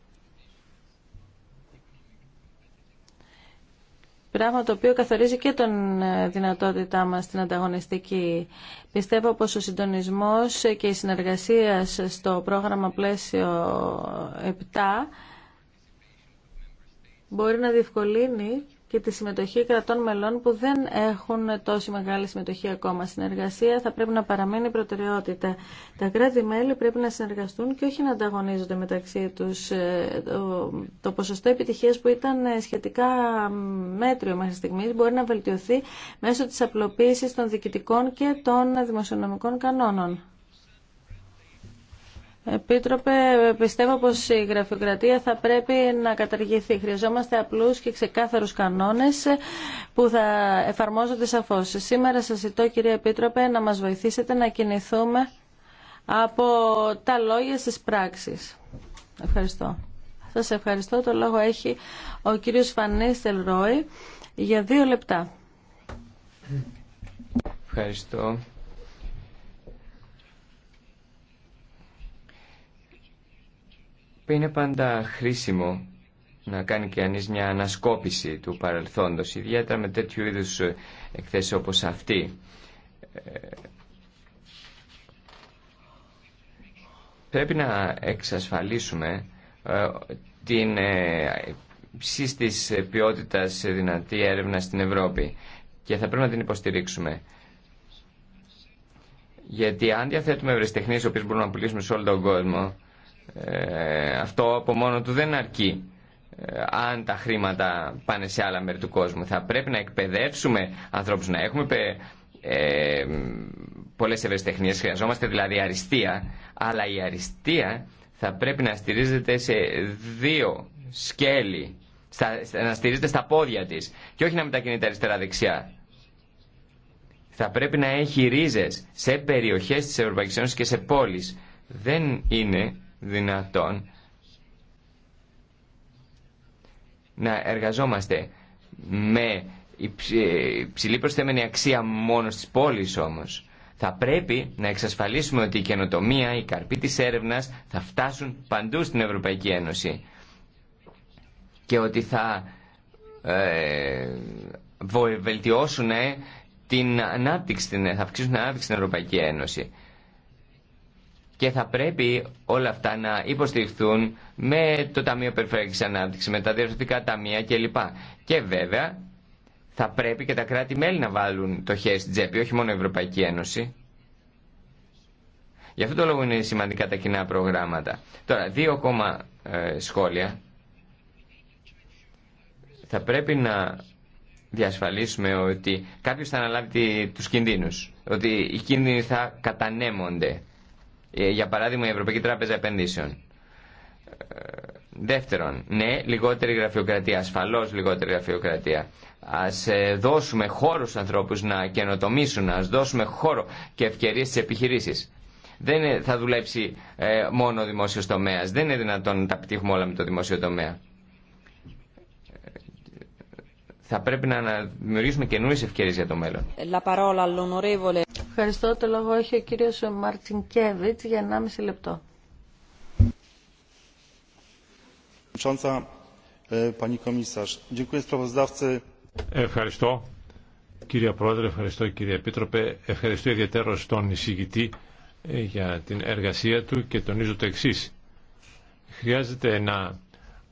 Πράγμα το οποίο καθορίζει και τον ε, δυνατότητά μας στην ανταγωνιστική. Πιστεύω πως ο συντονισμός και η συνεργασία στο πρόγραμμα πλαίσιο 7 μπορεί να διευκολύνει και τη συμμετοχή κρατών μελών που δεν έχουν τόση μεγάλη συμμετοχή ακόμα. Συνεργασία θα πρέπει να παραμείνει προτεραιότητα. Τα κράτη-μέλη πρέπει να συνεργαστούν και όχι να ανταγωνίζονται μεταξύ τους. Ε, το ποσοστό επιτυχίας που ήταν σχετικά μέτριο μέχρι στιγμή μπορεί να βελτιωθεί μέσω της απλοποίησης των διοικητικών και των δημοσιονομικών κανόνων. Επίτροπε, πιστεύω πως η γραφειοκρατία θα πρέπει να καταργηθεί. Χρειαζόμαστε απλούς και ξεκάθαρους κανόνες που θα εφαρμόζονται σαφώς. Σήμερα σας ζητώ, κύριε Επίτροπε, να μας βοηθήσετε να κινηθούμε από τα λόγια στις πράξεις. Ευχαριστώ. Σας ευχαριστώ. Το λόγο έχει ο κύριος Φανίστελ Ρόι για δύο λεπτά. Ευχαριστώ. είναι πάντα χρήσιμο να κάνει και ανείς μια ανασκόπηση του παρελθόντος, ιδιαίτερα με τέτοιου είδους εκθέσεις όπως αυτή. Ε, πρέπει να εξασφαλίσουμε ε, την ε, ψήστης της ποιότητας δυνατή έρευνα στην Ευρώπη και θα πρέπει να την υποστηρίξουμε. Γιατί αν διαθέτουμε ευρεσιτεχνίες, οι οποίες μπορούμε να πουλήσουμε σε όλο τον κόσμο, ε, αυτό από μόνο του δεν αρκεί ε, αν τα χρήματα πάνε σε άλλα μέρη του κόσμου. Θα πρέπει να εκπαιδεύσουμε ανθρώπους, να έχουμε ε, πολλές ευαισθητεχνίες χρειαζόμαστε δηλαδή αριστεία, αλλά η αριστεία θα πρέπει να στηρίζεται σε δύο σκέλη, να στηρίζεται στα πόδια της και όχι να μετακινείται αριστερά-δεξιά. Θα πρέπει να έχει ρίζες σε περιοχές της Ευρωπαϊκής Ένωσης και σε πόλεις. Δεν είναι δυνατόν να εργαζόμαστε με υψηλή προσθέμενη αξία μόνο στις πόλεις όμως. Θα πρέπει να εξασφαλίσουμε ότι η καινοτομία, οι καρποί της έρευνας θα φτάσουν παντού στην Ευρωπαϊκή Ένωση και ότι θα ε, βελτιώσουν την ανάπτυξη, θα αυξήσουν την ανάπτυξη στην Ευρωπαϊκή Ένωση και θα πρέπει όλα αυτά να υποστηριχθούν με το Ταμείο Περιφερειακής Ανάπτυξης, με τα διευθυντικά ταμεία κλπ. Και βέβαια θα πρέπει και τα κράτη-μέλη να βάλουν το χέρι στην τσέπη, όχι μόνο η Ευρωπαϊκή Ένωση. Γι' αυτό το λόγο είναι σημαντικά τα κοινά προγράμματα. Τώρα, δύο ακόμα ε, σχόλια. Θα πρέπει να διασφαλίσουμε ότι κάποιος θα αναλάβει τους κινδύνους, ότι οι κίνδυνοι θα κατανέμονται. Ε, για παράδειγμα η Ευρωπαϊκή Τράπεζα Επενδύσεων. Ε, δεύτερον, ναι, λιγότερη γραφειοκρατία, ασφαλώς λιγότερη γραφειοκρατία. Ας ε, δώσουμε χώρο στους ανθρώπους να καινοτομήσουν, ας δώσουμε χώρο και ευκαιρίες στις επιχειρήσεις. Δεν θα δουλέψει μόνο ο δημόσιος τομέας, δεν είναι δυνατόν να τα πετύχουμε όλα με το δημόσιο τομέα. Θα πρέπει να δημιουργήσουμε καινούριε ευκαιρίε για το μέλλον. Ευχαριστώ. Το λόγο έχει ο κύριος Μαρτσινκέβιτς για 1,5 λεπτό. E, ευχαριστώ κύριε Πρόεδρε, ευχαριστώ κύριε Επίτροπε, ευχαριστώ ιδιαίτερο τον εισηγητή ε, για την εργασία του και τονίζω το εξή. Χρειάζεται να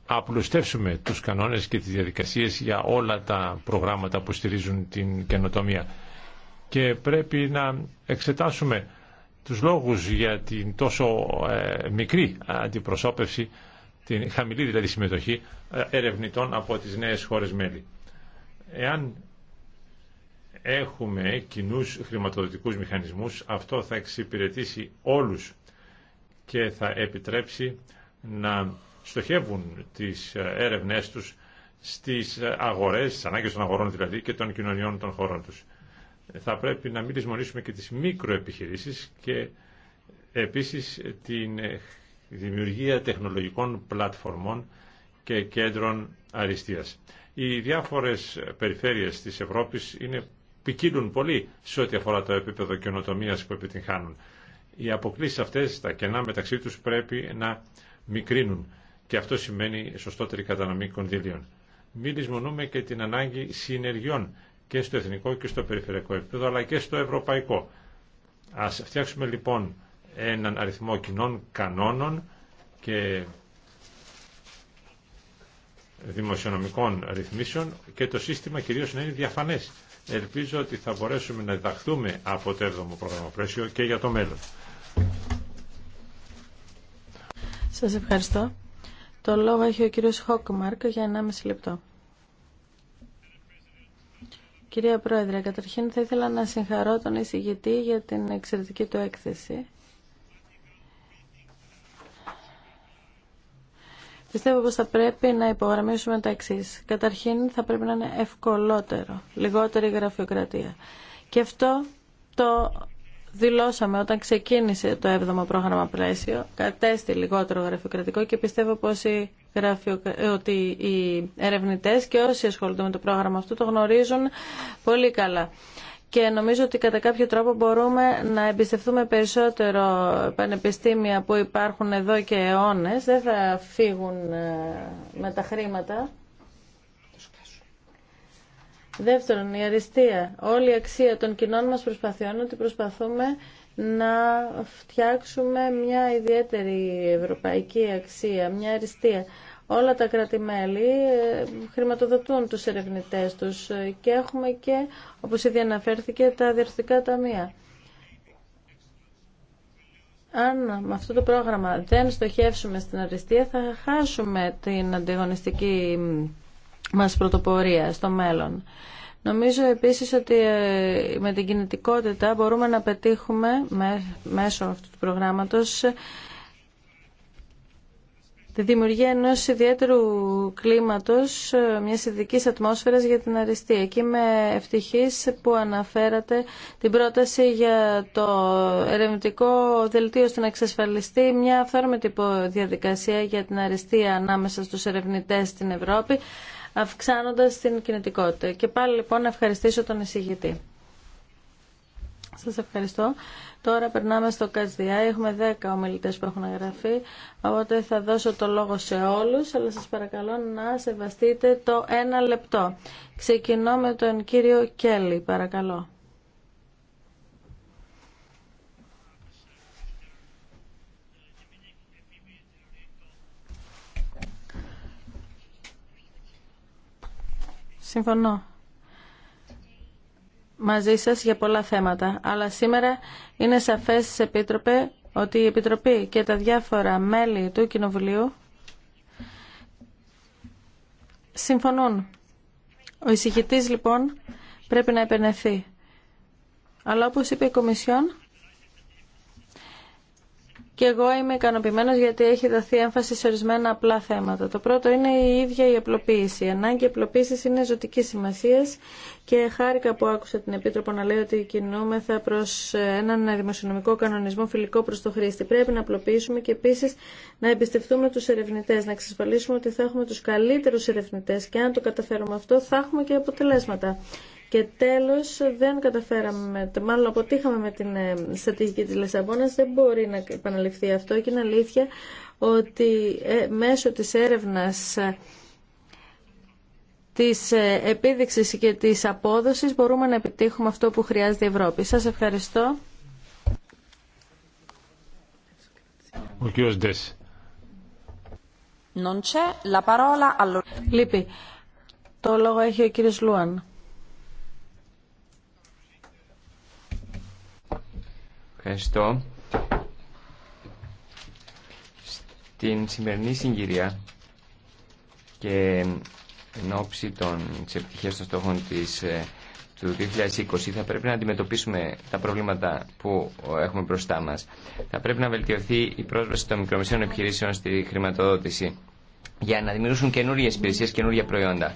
απλουστεύσουμε τους κανόνες και τις διαδικασίες για όλα τα προγράμματα που στηρίζουν την καινοτομία και πρέπει να εξετάσουμε τους λόγους για την τόσο ε, μικρή αντιπροσώπευση, την χαμηλή δηλαδή συμμετοχή ε, ερευνητών από τις νέες χώρες μέλη. Εάν έχουμε κοινού χρηματοδοτικούς μηχανισμούς, αυτό θα εξυπηρετήσει όλους και θα επιτρέψει να στοχεύουν τις ε, έρευνές τους στις αγορές, στις ανάγκες των αγορών δηλαδή και των κοινωνιών των χωρών τους θα πρέπει να μην λησμονήσουμε και τις μικροεπιχειρήσεις και επίσης την δημιουργία τεχνολογικών πλατφορμών και κέντρων αριστείας. Οι διάφορες περιφέρειες της Ευρώπης είναι ποικίλουν πολύ σε ό,τι αφορά το επίπεδο καινοτομία που επιτυγχάνουν. Οι αποκλήσει αυτέ, τα κενά μεταξύ του πρέπει να μικρύνουν και αυτό σημαίνει σωστότερη κατανομή κονδύλιων. Μην λησμονούμε και την ανάγκη συνεργειών και στο εθνικό και στο περιφερειακό επίπεδο αλλά και στο ευρωπαϊκό. Ας φτιάξουμε λοιπόν έναν αριθμό κοινών κανόνων και δημοσιονομικών ρυθμίσεων και το σύστημα κυρίως να είναι διαφανές. Ελπίζω ότι θα μπορέσουμε να διδαχθούμε από το 7 πρόγραμμα πλαίσιο και για το μέλλον. Σας ευχαριστώ. Το λόγο έχει ο κύριος Χόκμαρκ για 1,5 λεπτό. Κυρία Πρόεδρε, καταρχήν θα ήθελα να συγχαρώ τον εισηγητή για την εξαιρετική του έκθεση. Πιστεύω πως θα πρέπει να υπογραμμίσουμε τα εξή. Καταρχήν θα πρέπει να είναι ευκολότερο, λιγότερη γραφειοκρατία. Και αυτό το δηλώσαμε όταν ξεκίνησε το 7ο πρόγραμμα πλαίσιο, κατέστη λιγότερο γραφειοκρατικό και πιστεύω πως η Γράφει ε, ότι οι ερευνητές και όσοι ασχολούνται με το πρόγραμμα αυτό το γνωρίζουν πολύ καλά. Και νομίζω ότι κατά κάποιο τρόπο μπορούμε να εμπιστευτούμε περισσότερο πανεπιστήμια που υπάρχουν εδώ και αιώνες. Δεν θα φύγουν ε, με τα χρήματα. Δεύτερον, η αριστεία. Όλη η αξία των κοινών μας προσπαθειών ότι προσπαθούμε να φτιάξουμε μια ιδιαίτερη ευρωπαϊκή αξία, μια αριστεία. Όλα τα κράτη-μέλη ε, χρηματοδοτούν τους ερευνητές τους ε, και έχουμε και, όπως ήδη αναφέρθηκε, τα διευθυντικά ταμεία. Αν με αυτό το πρόγραμμα δεν στοχεύσουμε στην αριστεία, θα χάσουμε την αντιγωνιστική μας πρωτοπορία στο μέλλον. Νομίζω επίσης ότι ε, με την κινητικότητα μπορούμε να πετύχουμε μέσω αυτού του προγράμματος ε, τη δημιουργία ενός ιδιαίτερου κλίματος, ε, μιας ειδική ατμόσφαιρας για την αριστεία. Και με ευτυχής που αναφέρατε την πρόταση για το ερευνητικό δελτίο στην εξασφαλιστή μια αυθόρμητη διαδικασία για την αριστεία ανάμεσα στους ερευνητές στην Ευρώπη αυξάνοντας την κινητικότητα. Και πάλι λοιπόν να ευχαριστήσω τον εισηγητή. Σας ευχαριστώ. Τώρα περνάμε στο ΚΑΤΣΔΙΑ. Έχουμε 10 ομιλητές που έχουν γραφεί. οπότε θα δώσω το λόγο σε όλους, αλλά σας παρακαλώ να σεβαστείτε το ένα λεπτό. Ξεκινώ με τον κύριο Κέλλη, παρακαλώ. Συμφωνώ μαζί σας για πολλά θέματα, αλλά σήμερα είναι σαφές, Επίτροπε, ότι η Επιτροπή και τα διάφορα μέλη του Κοινοβουλίου συμφωνούν. Ο εισηγητής, λοιπόν, πρέπει να επενεθεί. Αλλά όπως είπε η Κομισιόν, και εγώ είμαι ικανοποιημένος γιατί έχει δοθεί έμφαση σε ορισμένα απλά θέματα. Το πρώτο είναι η ίδια η απλοποίηση. Η ανάγκη απλοποίηση είναι ζωτική σημασία και χάρηκα που άκουσα την Επίτροπο να λέει ότι κινούμεθα προ έναν δημοσιονομικό κανονισμό φιλικό προ το χρήστη. Πρέπει να απλοποιήσουμε και επίση να εμπιστευτούμε του ερευνητέ, να εξασφαλίσουμε ότι θα έχουμε του καλύτερου ερευνητέ, και αν το καταφέρουμε αυτό θα έχουμε και αποτελέσματα. Και τέλο δεν καταφέραμε, μάλλον αποτύχαμε με την ε, στρατηγική της Λισαβόνα. δεν μπορεί να επαναληφθεί αυτό και είναι αλήθεια ότι ε, μέσω της έρευνας ε, της επίδειξης και της απόδοσης μπορούμε να επιτύχουμε αυτό που χρειάζεται η Ευρώπη. Σας ευχαριστώ. Ο κύριος Ντες. Λείπει. Το λόγο έχει ο κύριος Λουάν. Ευχαριστώ. Στην σημερινή συγκυρία και εν ώψη των επιτυχίας των στόχων της, ε, του 2020 θα πρέπει να αντιμετωπίσουμε τα προβλήματα που έχουμε μπροστά μας. Θα πρέπει να βελτιωθεί η πρόσβαση των μικρομεσαίων επιχειρήσεων στη χρηματοδότηση για να δημιουργήσουν καινούριε υπηρεσίε, καινούργια προϊόντα.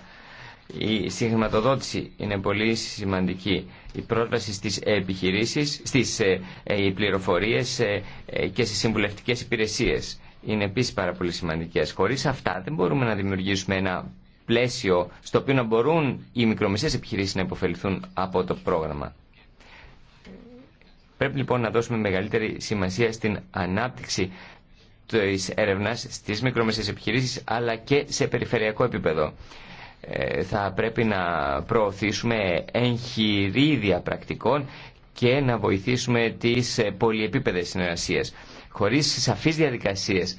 Η συγχρηματοδότηση είναι πολύ σημαντική. Η πρόσβαση στις επιχειρήσεις, στις ε, ε πληροφορίες ε, ε, και στις συμβουλευτικές υπηρεσίες είναι επίσης πάρα πολύ σημαντικές. Χωρίς αυτά δεν μπορούμε να δημιουργήσουμε ένα πλαίσιο στο οποίο να μπορούν οι μικρομεσαίες επιχειρήσεις να υποφεληθούν από το πρόγραμμα. Πρέπει λοιπόν να δώσουμε μεγαλύτερη σημασία στην ανάπτυξη της έρευνας στις μικρομεσαίες επιχειρήσεις αλλά και σε περιφερειακό επίπεδο. Ε, θα πρέπει να προωθήσουμε εγχειρίδια πρακτικών και να βοηθήσουμε τις ε, πολυεπίπεδες συνεργασίες. Χωρίς σαφείς διαδικασίες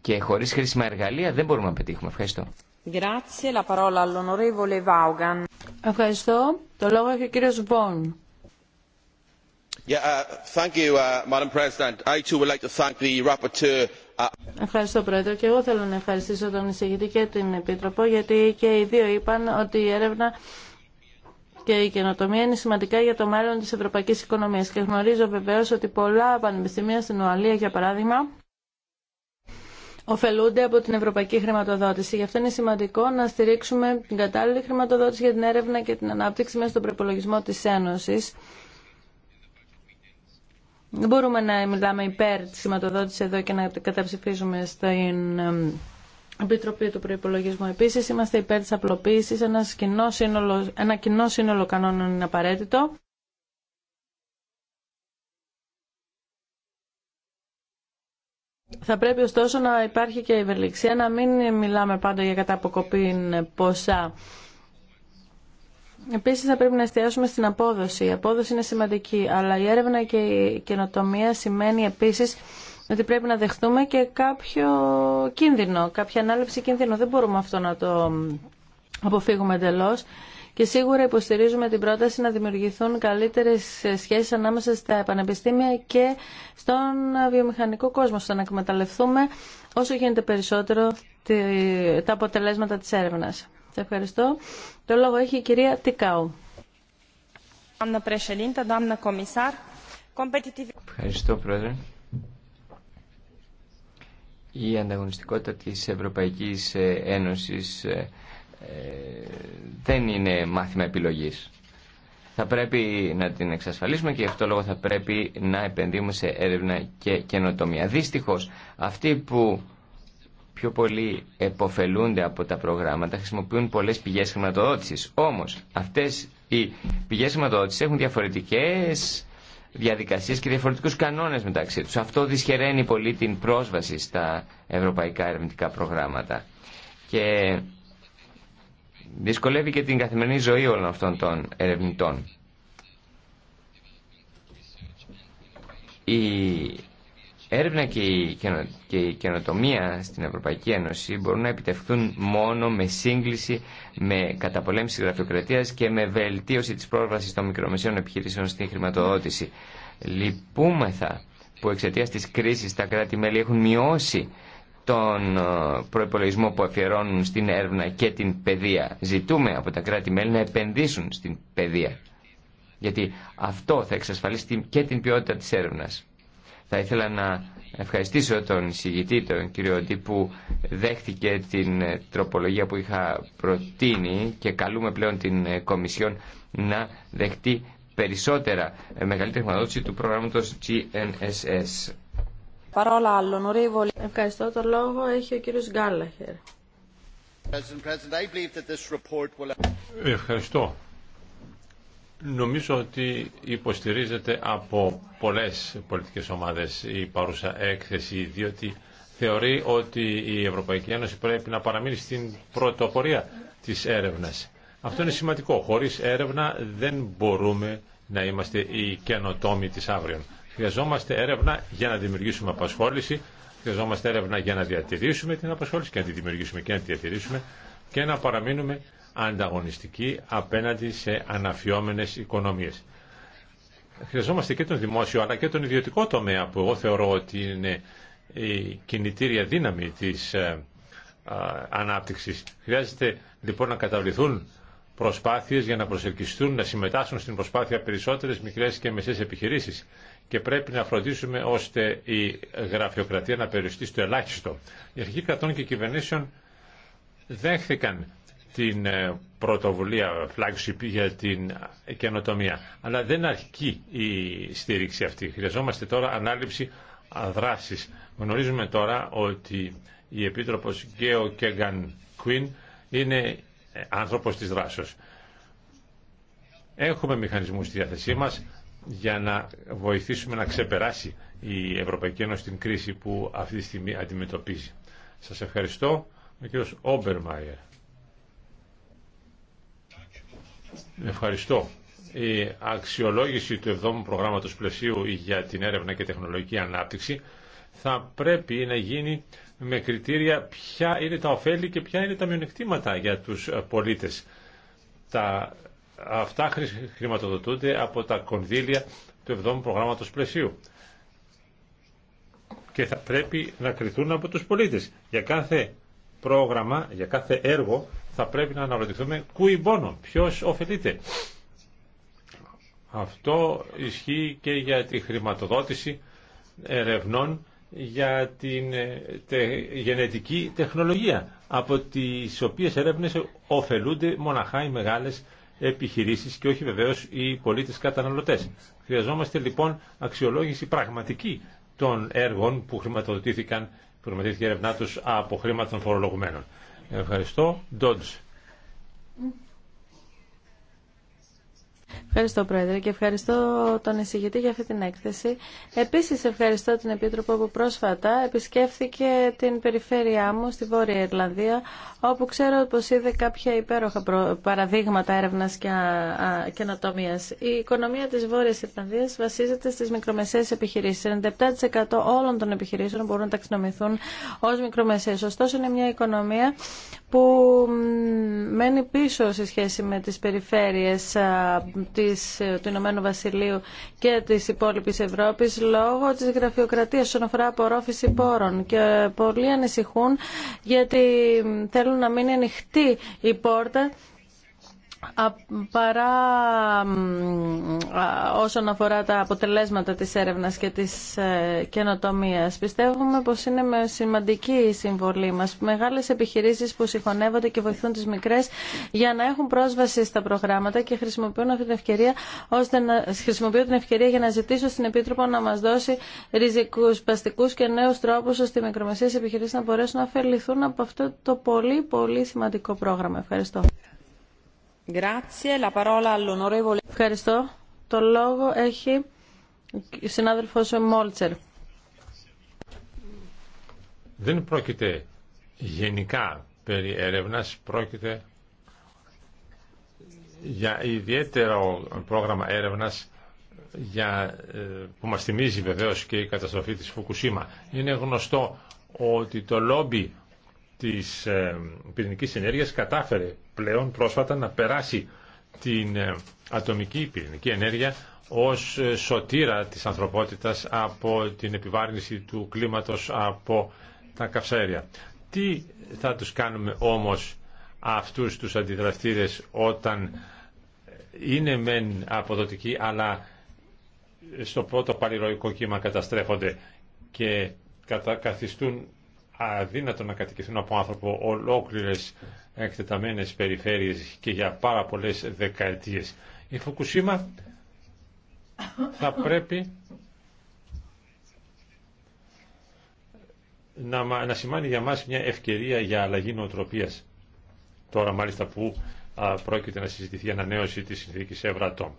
και χωρίς χρήσιμα εργαλεία δεν μπορούμε να πετύχουμε. Ευχαριστώ. Ευχαριστώ. Το λόγο έχει ο κύριος Βόν. Yeah, uh, thank you, uh, Madam President. I too would like to thank the rapporteur Ευχαριστώ Πρόεδρε και εγώ θέλω να ευχαριστήσω τον εισηγητή και την Επίτροπο γιατί και οι δύο είπαν ότι η έρευνα και η καινοτομία είναι σημαντικά για το μέλλον της ευρωπαϊκής οικονομίας και γνωρίζω βεβαίως ότι πολλά πανεπιστήμια στην Ουαλία για παράδειγμα ωφελούνται από την ευρωπαϊκή χρηματοδότηση. Γι' αυτό είναι σημαντικό να στηρίξουμε την κατάλληλη χρηματοδότηση για την έρευνα και την ανάπτυξη μέσα στον προπολογισμό της Ένωσης μπορούμε να μιλάμε υπέρ τη σηματοδότηση εδώ και να καταψηφίζουμε στην Επιτροπή του Προπολογισμού. Επίσης, είμαστε υπέρ τη απλοποίηση, ένα κοινό σύνολο κανόνων είναι απαραίτητο. Θα πρέπει ωστόσο να υπάρχει και η ευελιξία, να μην μιλάμε πάντα για καταποκοπή ποσά. Επίση, θα πρέπει να εστιάσουμε στην απόδοση. Η απόδοση είναι σημαντική, αλλά η έρευνα και η καινοτομία σημαίνει επίσης ότι πρέπει να δεχτούμε και κάποιο κίνδυνο, κάποια ανάλυση κίνδυνο. Δεν μπορούμε αυτό να το αποφύγουμε εντελώ. Και σίγουρα υποστηρίζουμε την πρόταση να δημιουργηθούν καλύτερες σχέσεις ανάμεσα στα πανεπιστήμια και στον βιομηχανικό κόσμο, ώστε να εκμεταλλευτούμε όσο γίνεται περισσότερο τα αποτελέσματα της έρευνας. Ευχαριστώ. Το λόγο έχει η κυρία Τικάου. Ευχαριστώ, Πρόεδρε. Η ανταγωνιστικότητα της Ευρωπαϊκής Ένωσης ε, δεν είναι μάθημα επιλογής. Θα πρέπει να την εξασφαλίσουμε και γι' αυτό λόγο θα πρέπει να επενδύουμε σε έρευνα και καινοτομία. Δυστυχώς, αυτοί που πιο πολλοί εποφελούνται από τα προγράμματα, χρησιμοποιούν πολλές πηγές χρηματοδότησης. Όμως αυτές οι πηγές χρηματοδότησης έχουν διαφορετικές διαδικασίες και διαφορετικούς κανόνες μεταξύ τους. Αυτό δυσχεραίνει πολύ την πρόσβαση στα ευρωπαϊκά ερευνητικά προγράμματα. Και δυσκολεύει και την καθημερινή ζωή όλων αυτών των ερευνητών έρευνα και η, καινοτομία στην Ευρωπαϊκή Ένωση μπορούν να επιτευχθούν μόνο με σύγκληση, με καταπολέμηση γραφειοκρατίας και με βελτίωση της πρόσβασης των μικρομεσαίων επιχειρήσεων στην χρηματοδότηση. Λυπούμεθα που εξαιτία της κρίσης τα κράτη-μέλη έχουν μειώσει τον ε, προπολογισμό που αφιερώνουν στην έρευνα και την παιδεία. Ζητούμε από τα κράτη-μέλη να επενδύσουν στην παιδεία. Γιατί αυτό θα εξασφαλίσει και την ποιότητα της έρευνας. Θα ήθελα να ευχαριστήσω τον συγητή, τον κύριο Ντί, που δέχτηκε την ε, τροπολογία που είχα προτείνει και καλούμε πλέον την ε, Κομισιόν να δεχτεί περισσότερα ε, μεγαλύτερη χρηματοδότηση του προγράμματος GNSS. Παρόλα άλλων, Ευχαριστώ. Το λόγο έχει ο κύριος Γκάλαχερ. Ευχαριστώ. Νομίζω ότι υποστηρίζεται από πολλές πολιτικές ομάδες η παρούσα έκθεση, διότι θεωρεί ότι η Ευρωπαϊκή Ένωση πρέπει να παραμείνει στην πρωτοπορία της έρευνας. Αυτό είναι σημαντικό. Χωρίς έρευνα δεν μπορούμε να είμαστε οι καινοτόμοι της αύριο. Χρειαζόμαστε έρευνα για να δημιουργήσουμε απασχόληση, χρειαζόμαστε έρευνα για να διατηρήσουμε την απασχόληση και να τη δημιουργήσουμε και να τη διατηρήσουμε και να παραμείνουμε ανταγωνιστική απέναντι σε αναφιόμενες οικονομίες. Χρειαζόμαστε και τον δημόσιο αλλά και τον ιδιωτικό τομέα που εγώ θεωρώ ότι είναι η κινητήρια δύναμη της ε, ανάπτυξης. Χρειάζεται λοιπόν να καταβληθούν προσπάθειες για να προσελκυστούν, να συμμετάσχουν στην προσπάθεια περισσότερες μικρές και μεσές επιχειρήσεις και πρέπει να φροντίσουμε ώστε η γραφειοκρατία να περιοριστεί στο ελάχιστο. Οι αρχικοί κρατών και κυβερνήσεων δέχθηκαν την ε, πρωτοβουλία flagship για την καινοτομία. Αλλά δεν αρκεί η στήριξη αυτή. Χρειαζόμαστε τώρα ανάληψη δράσης. Γνωρίζουμε τώρα ότι η Επίτροπος Γκέο Κέγκαν Κουίν είναι ε, άνθρωπος της δράσης. Έχουμε μηχανισμούς στη διάθεσή μας για να βοηθήσουμε να ξεπεράσει η Ευρωπαϊκή Ένωση την κρίση που αυτή τη στιγμή αντιμετωπίζει. Σας ευχαριστώ. Ο κύριος Όμπερμαϊερ. Ευχαριστώ. Η αξιολόγηση του 7ου προγράμματος πλαισίου για την έρευνα και τεχνολογική ανάπτυξη θα πρέπει να γίνει με κριτήρια ποια είναι τα ωφέλη και ποια είναι τα μειονεκτήματα για τους πολίτες. Τα, αυτά χρηματοδοτούνται από τα κονδύλια του 7ου προγράμματος πλαισίου και θα πρέπει να κριθούν από τους πολίτες. Για κάθε πρόγραμμα, για κάθε έργο θα πρέπει να αναρωτηθούμε μπόνο, ποιος ωφελείται. Αυτό ισχύει και για τη χρηματοδότηση ερευνών για την ε, γενετική τεχνολογία, από τις οποίες έρευνες ωφελούνται μοναχά οι μεγάλες επιχειρήσεις και όχι βεβαίως οι πολίτες καταναλωτές. Χρειαζόμαστε λοιπόν αξιολόγηση πραγματική των έργων που χρηματοδοτήθηκαν, που χρηματοδοτήθηκε η έρευνά τους από χρήματα των φορολογουμένων. Ευχαριστώ. Dodge. Ευχαριστώ Πρόεδρε και ευχαριστώ τον εισηγητή για αυτή την έκθεση. Επίση ευχαριστώ την Επίτροπο που πρόσφατα επισκέφθηκε την περιφέρειά μου στη Βόρεια Ιρλανδία όπου ξέρω πω είδε κάποια υπέροχα παραδείγματα έρευνα και καινοτομία. Η οικονομία τη Βόρεια Ιρλανδία βασίζεται στι μικρομεσαίες επιχειρήσει. 97% όλων των επιχειρήσεων μπορούν να ταξινομηθούν ω μικρομεσαίες. Ωστόσο είναι μια οικονομία που μένει πίσω σε σχέση με τις περιφέρειες της, του Ηνωμένου Βασιλείου και της υπόλοιπης Ευρώπης λόγω της γραφειοκρατίας όσον αφορά απορρόφηση πόρων και ε, πολλοί ανησυχούν γιατί θέλουν να μείνει ανοιχτή η πόρτα παρά όσον αφορά τα αποτελέσματα της έρευνας και της ε, καινοτομίας. Πιστεύουμε πως είναι με σημαντική η συμβολή μας. Μεγάλες επιχειρήσεις που συγχωνεύονται και βοηθούν τις μικρές για να έχουν πρόσβαση στα προγράμματα και χρησιμοποιούν αυτή την ευκαιρία, ώστε να, χρησιμοποιούν την ευκαιρία για να ζητήσω στην Επίτροπο να μας δώσει ριζικούς, παστικούς και νέους τρόπους ώστε οι μικρομεσαίες επιχειρήσεις να μπορέσουν να ωφεληθούν από αυτό το πολύ πολύ σημαντικό πρόγραμμα. Ευχαριστώ. Ευχαριστώ. Το λόγο έχει ο συνάδελφος Μόλτσερ. Δεν πρόκειται γενικά περί έρευνας, πρόκειται για ιδιαίτερο πρόγραμμα έρευνας για, ε, που μας θυμίζει βεβαίως και η καταστροφή της Φουκουσίμα. Είναι γνωστό ότι το λόμπι της ε, πυρηνική ενέργειας κατάφερε πλέον πρόσφατα να περάσει την ε, ατομική πυρηνική ενέργεια ως ε, σωτήρα της ανθρωπότητας από την επιβάρυνση του κλίματος από τα καυσαέρια. Τι θα τους κάνουμε όμως αυτούς τους αντιδραστήρες όταν είναι μεν αποδοτικοί αλλά στο πρώτο παλιροϊκό κύμα καταστρέφονται και καθιστούν αδύνατο να κατοικηθούν από άνθρωπο ολόκληρες εκτεταμένες περιφέρειες και για πάρα πολλέ δεκαετίες. Η Φουκουσίμα θα πρέπει να, να σημάνει για μας μια ευκαιρία για αλλαγή νοοτροπίας. Τώρα μάλιστα που πρόκειται να συζητηθεί η ανανέωση της συνθήκης Ευρατών.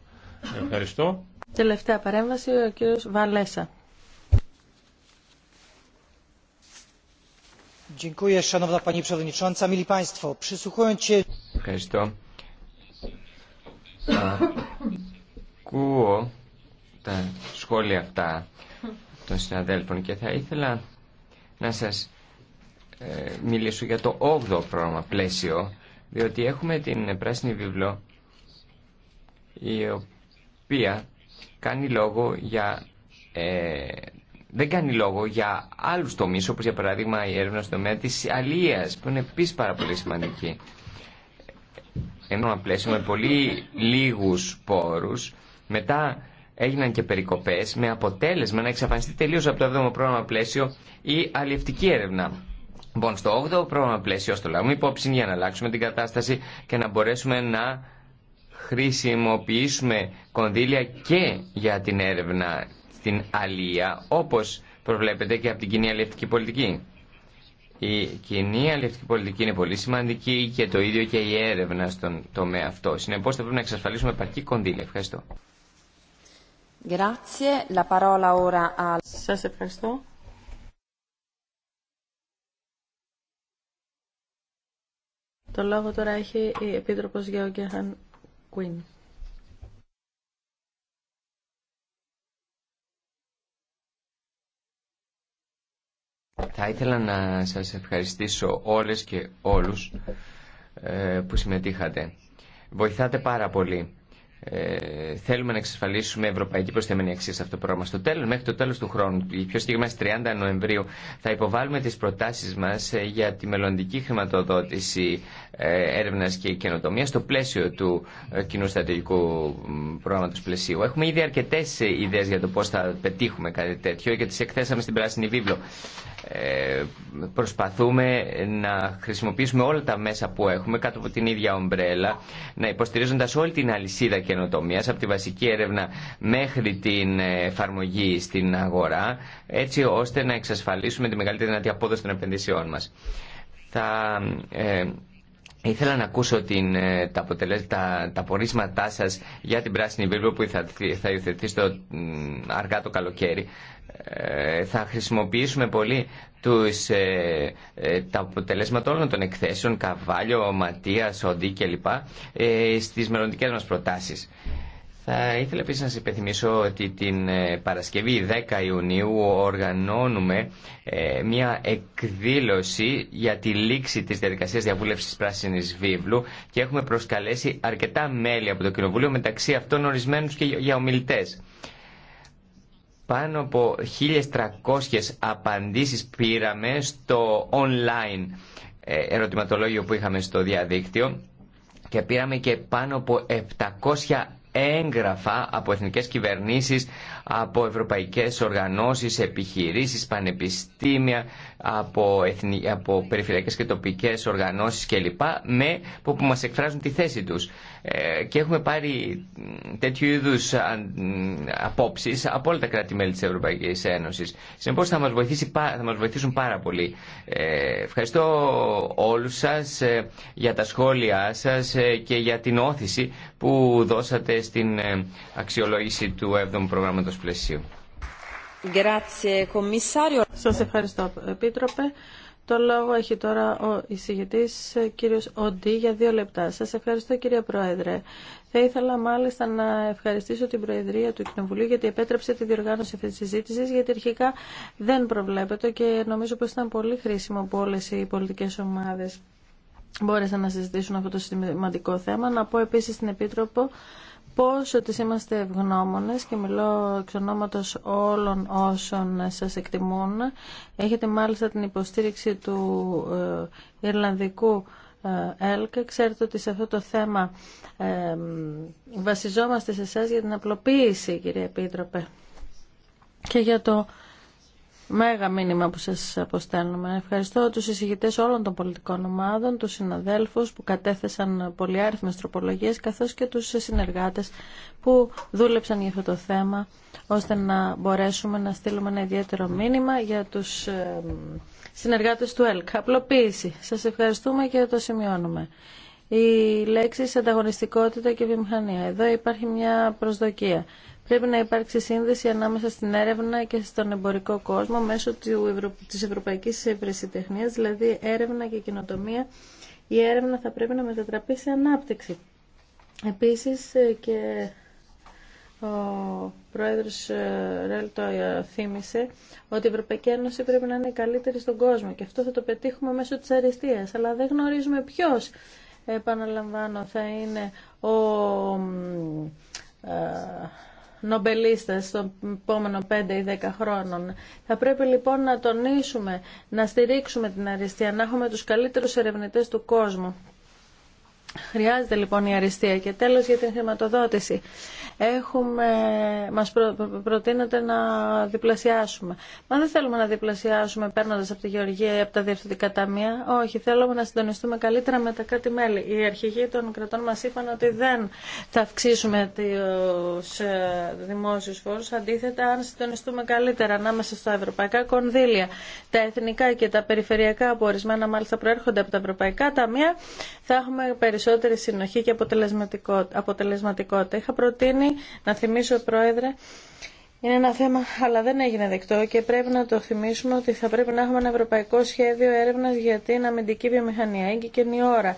Ευχαριστώ. Τελευταία παρέμβαση ο κύριος Βαλέσα. Ευχαριστώ. Ακούω τα σχόλια αυτά των συναδέλφων και θα ήθελα να σας ε, μιλήσω για το 8ο πρόγραμμα πλαίσιο, διότι έχουμε την πράσινη βίβλο η οποία κάνει λόγο για ε, δεν κάνει λόγο για άλλους τομείς, όπως για παράδειγμα η έρευνα στο τομέα της αλίας, που είναι επίσης πάρα πολύ σημαντική. Ενώ ένα πλαίσιο με πολύ λίγους πόρους, μετά έγιναν και περικοπές, με αποτέλεσμα να εξαφανιστεί τελείως από το 7ο πρόγραμμα πλαίσιο η αλληλευτική έρευνα. Λοιπόν, στο 8ο πρόγραμμα πλαίσιο, στο λάβουμε υπόψη για να αλλάξουμε την κατάσταση και να μπορέσουμε να χρησιμοποιήσουμε κονδύλια και για την έρευνα στην αλία όπως προβλέπεται και από την κοινή αλληλευτική πολιτική. Η κοινή αλληλευτική πολιτική είναι πολύ σημαντική και το ίδιο και η έρευνα στον τομέα αυτό. Συνεπώς θα πρέπει να εξασφαλίσουμε επαρκή κονδύλια. Ευχαριστώ. Σας ευχαριστώ. Το λόγο τώρα έχει η Επίτροπος Γεωγκέχαν Κουίν. Θα ήθελα να σας ευχαριστήσω όλες και όλους ε, που συμμετείχατε. Βοηθάτε πάρα πολύ. Ε, θέλουμε να εξασφαλίσουμε ευρωπαϊκή προσθεμένη αξία σε αυτό το πρόγραμμα. Στο τέλος, μέχρι το τέλος του χρόνου, πιο συγκεκριμένα 30 Νοεμβρίου, θα υποβάλουμε τις προτάσεις μας ε, για τη μελλοντική χρηματοδότηση έρευνα έρευνας και καινοτομία στο πλαίσιο του ε, κοινού στρατηγικού πρόγραμματος πλαισίου. Έχουμε ήδη αρκετές ιδέες για το πώς θα πετύχουμε κάτι τέτοιο και τις εκθέσαμε στην Πράσινη Βίβλο. Ε, προσπαθούμε να χρησιμοποιήσουμε όλα τα μέσα που έχουμε κάτω από την ίδια ομπρέλα, να υποστηρίζοντας όλη την αλυσίδα καινοτομίας από τη βασική έρευνα μέχρι την εφαρμογή στην αγορά, έτσι ώστε να εξασφαλίσουμε τη μεγαλύτερη δυνατή απόδοση των επενδύσεών μας. Θα, ε, Ήθελα να ακούσω την, ε, τα, τα πορίσματά σας για την πράσινη βίβλο που θα, θα αργά το καλοκαίρι. Ε, θα χρησιμοποιήσουμε πολύ τους, ε, ε, τα αποτελέσματα όλων των εκθέσεων, Καβάλιο, Ματία, Οντί κλπ. Ε, στις μελλοντικέ μας προτάσεις. Θα ήθελα επίσης να σας υπενθυμίσω ότι την Παρασκευή 10 Ιουνίου οργανώνουμε μια εκδήλωση για τη λήξη της διαδικασίας διαβούλευσης πράσινης βίβλου και έχουμε προσκαλέσει αρκετά μέλη από το Κοινοβούλιο μεταξύ αυτών ορισμένους και για ομιλητές. Πάνω από 1.300 απαντήσεις πήραμε στο online ε, ερωτηματολόγιο που είχαμε στο διαδίκτυο και πήραμε και πάνω από 700 έγγραφα από εθνικές κυβερνήσεις, από ευρωπαϊκές οργανώσεις, επιχειρήσεις, πανεπιστήμια, από, εθνι... από περιφερειακές και τοπικές οργανώσεις κλπ. Με... που μας εκφράζουν τη θέση τους. Ε, και έχουμε πάρει τέτοιου είδους απόψεις από όλα τα κράτη-μέλη της Ευρωπαϊκής Ένωσης. Συνεπώς θα μας, θα μας βοηθήσουν πάρα πολύ. Ε, ευχαριστώ όλους σας ε, για τα σχόλιά σας και για την όθηση που δώσατε στην αξιολόγηση του 7ου προγράμματος πλαισίου. Σα ευχαριστώ, Επίτροπε. Το λόγο έχει τώρα ο εισηγητή, κύριο Οντί για δύο λεπτά. Σα ευχαριστώ κύριε Πρόεδρε. Θα ήθελα μάλιστα να ευχαριστήσω την Προεδρία του Κοινοβουλίου γιατί επέτρεψε τη διοργάνωση αυτή τη συζήτηση, γιατί αρχικά δεν προβλέπεται και νομίζω πω ήταν πολύ χρήσιμο που όλε οι πολιτικέ ομάδε μπόρεσαν να συζητήσουν αυτό το σημαντικό θέμα. Να πω επίση στην Επίτροπο πώς ότι είμαστε ευγνώμονες και μιλώ εξ ονόματος όλων όσων σας εκτιμούν. Έχετε μάλιστα την υποστήριξη του ε, Ιρλανδικού ε, ΕΛΚ. Ξέρετε ότι σε αυτό το θέμα ε, βασιζόμαστε σε εσά για την απλοποίηση, κύριε Επίτροπε, και για το μέγα μήνυμα που σας αποστέλνουμε. Ευχαριστώ τους εισηγητές όλων των πολιτικών ομάδων, τους συναδέλφους που κατέθεσαν πολυάριθμες τροπολογίες, καθώς και τους συνεργάτες που δούλεψαν για αυτό το θέμα, ώστε να μπορέσουμε να στείλουμε ένα ιδιαίτερο μήνυμα για τους συνεργάτες του ΕΛΚ. Απλοποίηση. Σας ευχαριστούμε και το σημειώνουμε. Οι λέξεις ανταγωνιστικότητα και βιομηχανία. Εδώ υπάρχει μια προσδοκία. Πρέπει να υπάρξει σύνδεση ανάμεσα στην έρευνα και στον εμπορικό κόσμο μέσω της ευρωπαϊκής ευρεσιτεχνίας, δηλαδή έρευνα και κοινοτομία. Η έρευνα θα πρέπει να μετατραπεί σε ανάπτυξη. Επίσης ε, και ο πρόεδρος ε, Ρέλ το ε, θύμισε ότι η Ευρωπαϊκή Ένωση πρέπει να είναι η καλύτερη στον κόσμο και αυτό θα το πετύχουμε μέσω της αριστείας. Αλλά δεν γνωρίζουμε ποιος, επαναλαμβάνω, θα είναι ο νομπελίστες των επόμενων 5 ή 10 χρόνων. Θα πρέπει λοιπόν να τονίσουμε, να στηρίξουμε την αριστεία, να έχουμε τους καλύτερους ερευνητές του κόσμου. Χρειάζεται λοιπόν η αριστεία. Και τέλος για την χρηματοδότηση έχουμε, μας προτείνεται να διπλασιάσουμε. Μα δεν θέλουμε να διπλασιάσουμε παίρνοντα από τη Γεωργία ή από τα διευθυντικά ταμεία. Όχι, θέλουμε να συντονιστούμε καλύτερα με τα κάτι μέλη. Οι αρχηγοί των κρατών μα είπαν ότι δεν θα αυξήσουμε του ε, δημόσιου φόρου. Αντίθετα, αν συντονιστούμε καλύτερα ανάμεσα στα ευρωπαϊκά κονδύλια, τα εθνικά και τα περιφερειακά που ορισμένα μάλιστα προέρχονται από τα ευρωπαϊκά ταμεία, θα έχουμε περισσότερη συνοχή και αποτελεσματικότητα. Είχα προτείνει να θυμίσω, Πρόεδρε, είναι ένα θέμα, αλλά δεν έγινε δεκτό και πρέπει να το θυμίσουμε ότι θα πρέπει να έχουμε ένα ευρωπαϊκό σχέδιο έρευνας για την αμυντική βιομηχανία. Είναι και ώρα.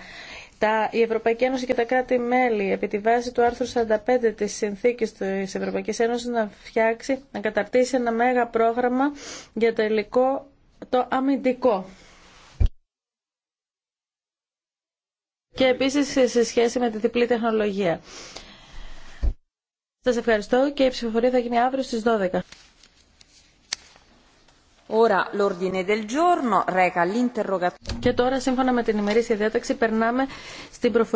Τα, η Ευρωπαϊκή Ένωση και τα κράτη-μέλη, επί τη βάση του άρθρου 45 της Συνθήκης της Ευρωπαϊκής Ένωσης, να φτιάξει, να καταρτήσει ένα μέγα πρόγραμμα για το υλικό το αμυντικό. Και επίσης σε σχέση με τη διπλή τεχνολογία. Σας ευχαριστώ και η ψηφοφορία θα γίνει αύριο στις 12. Και τώρα, σύμφωνα με την ημερήσια διάταξη, περνάμε στην προφορία.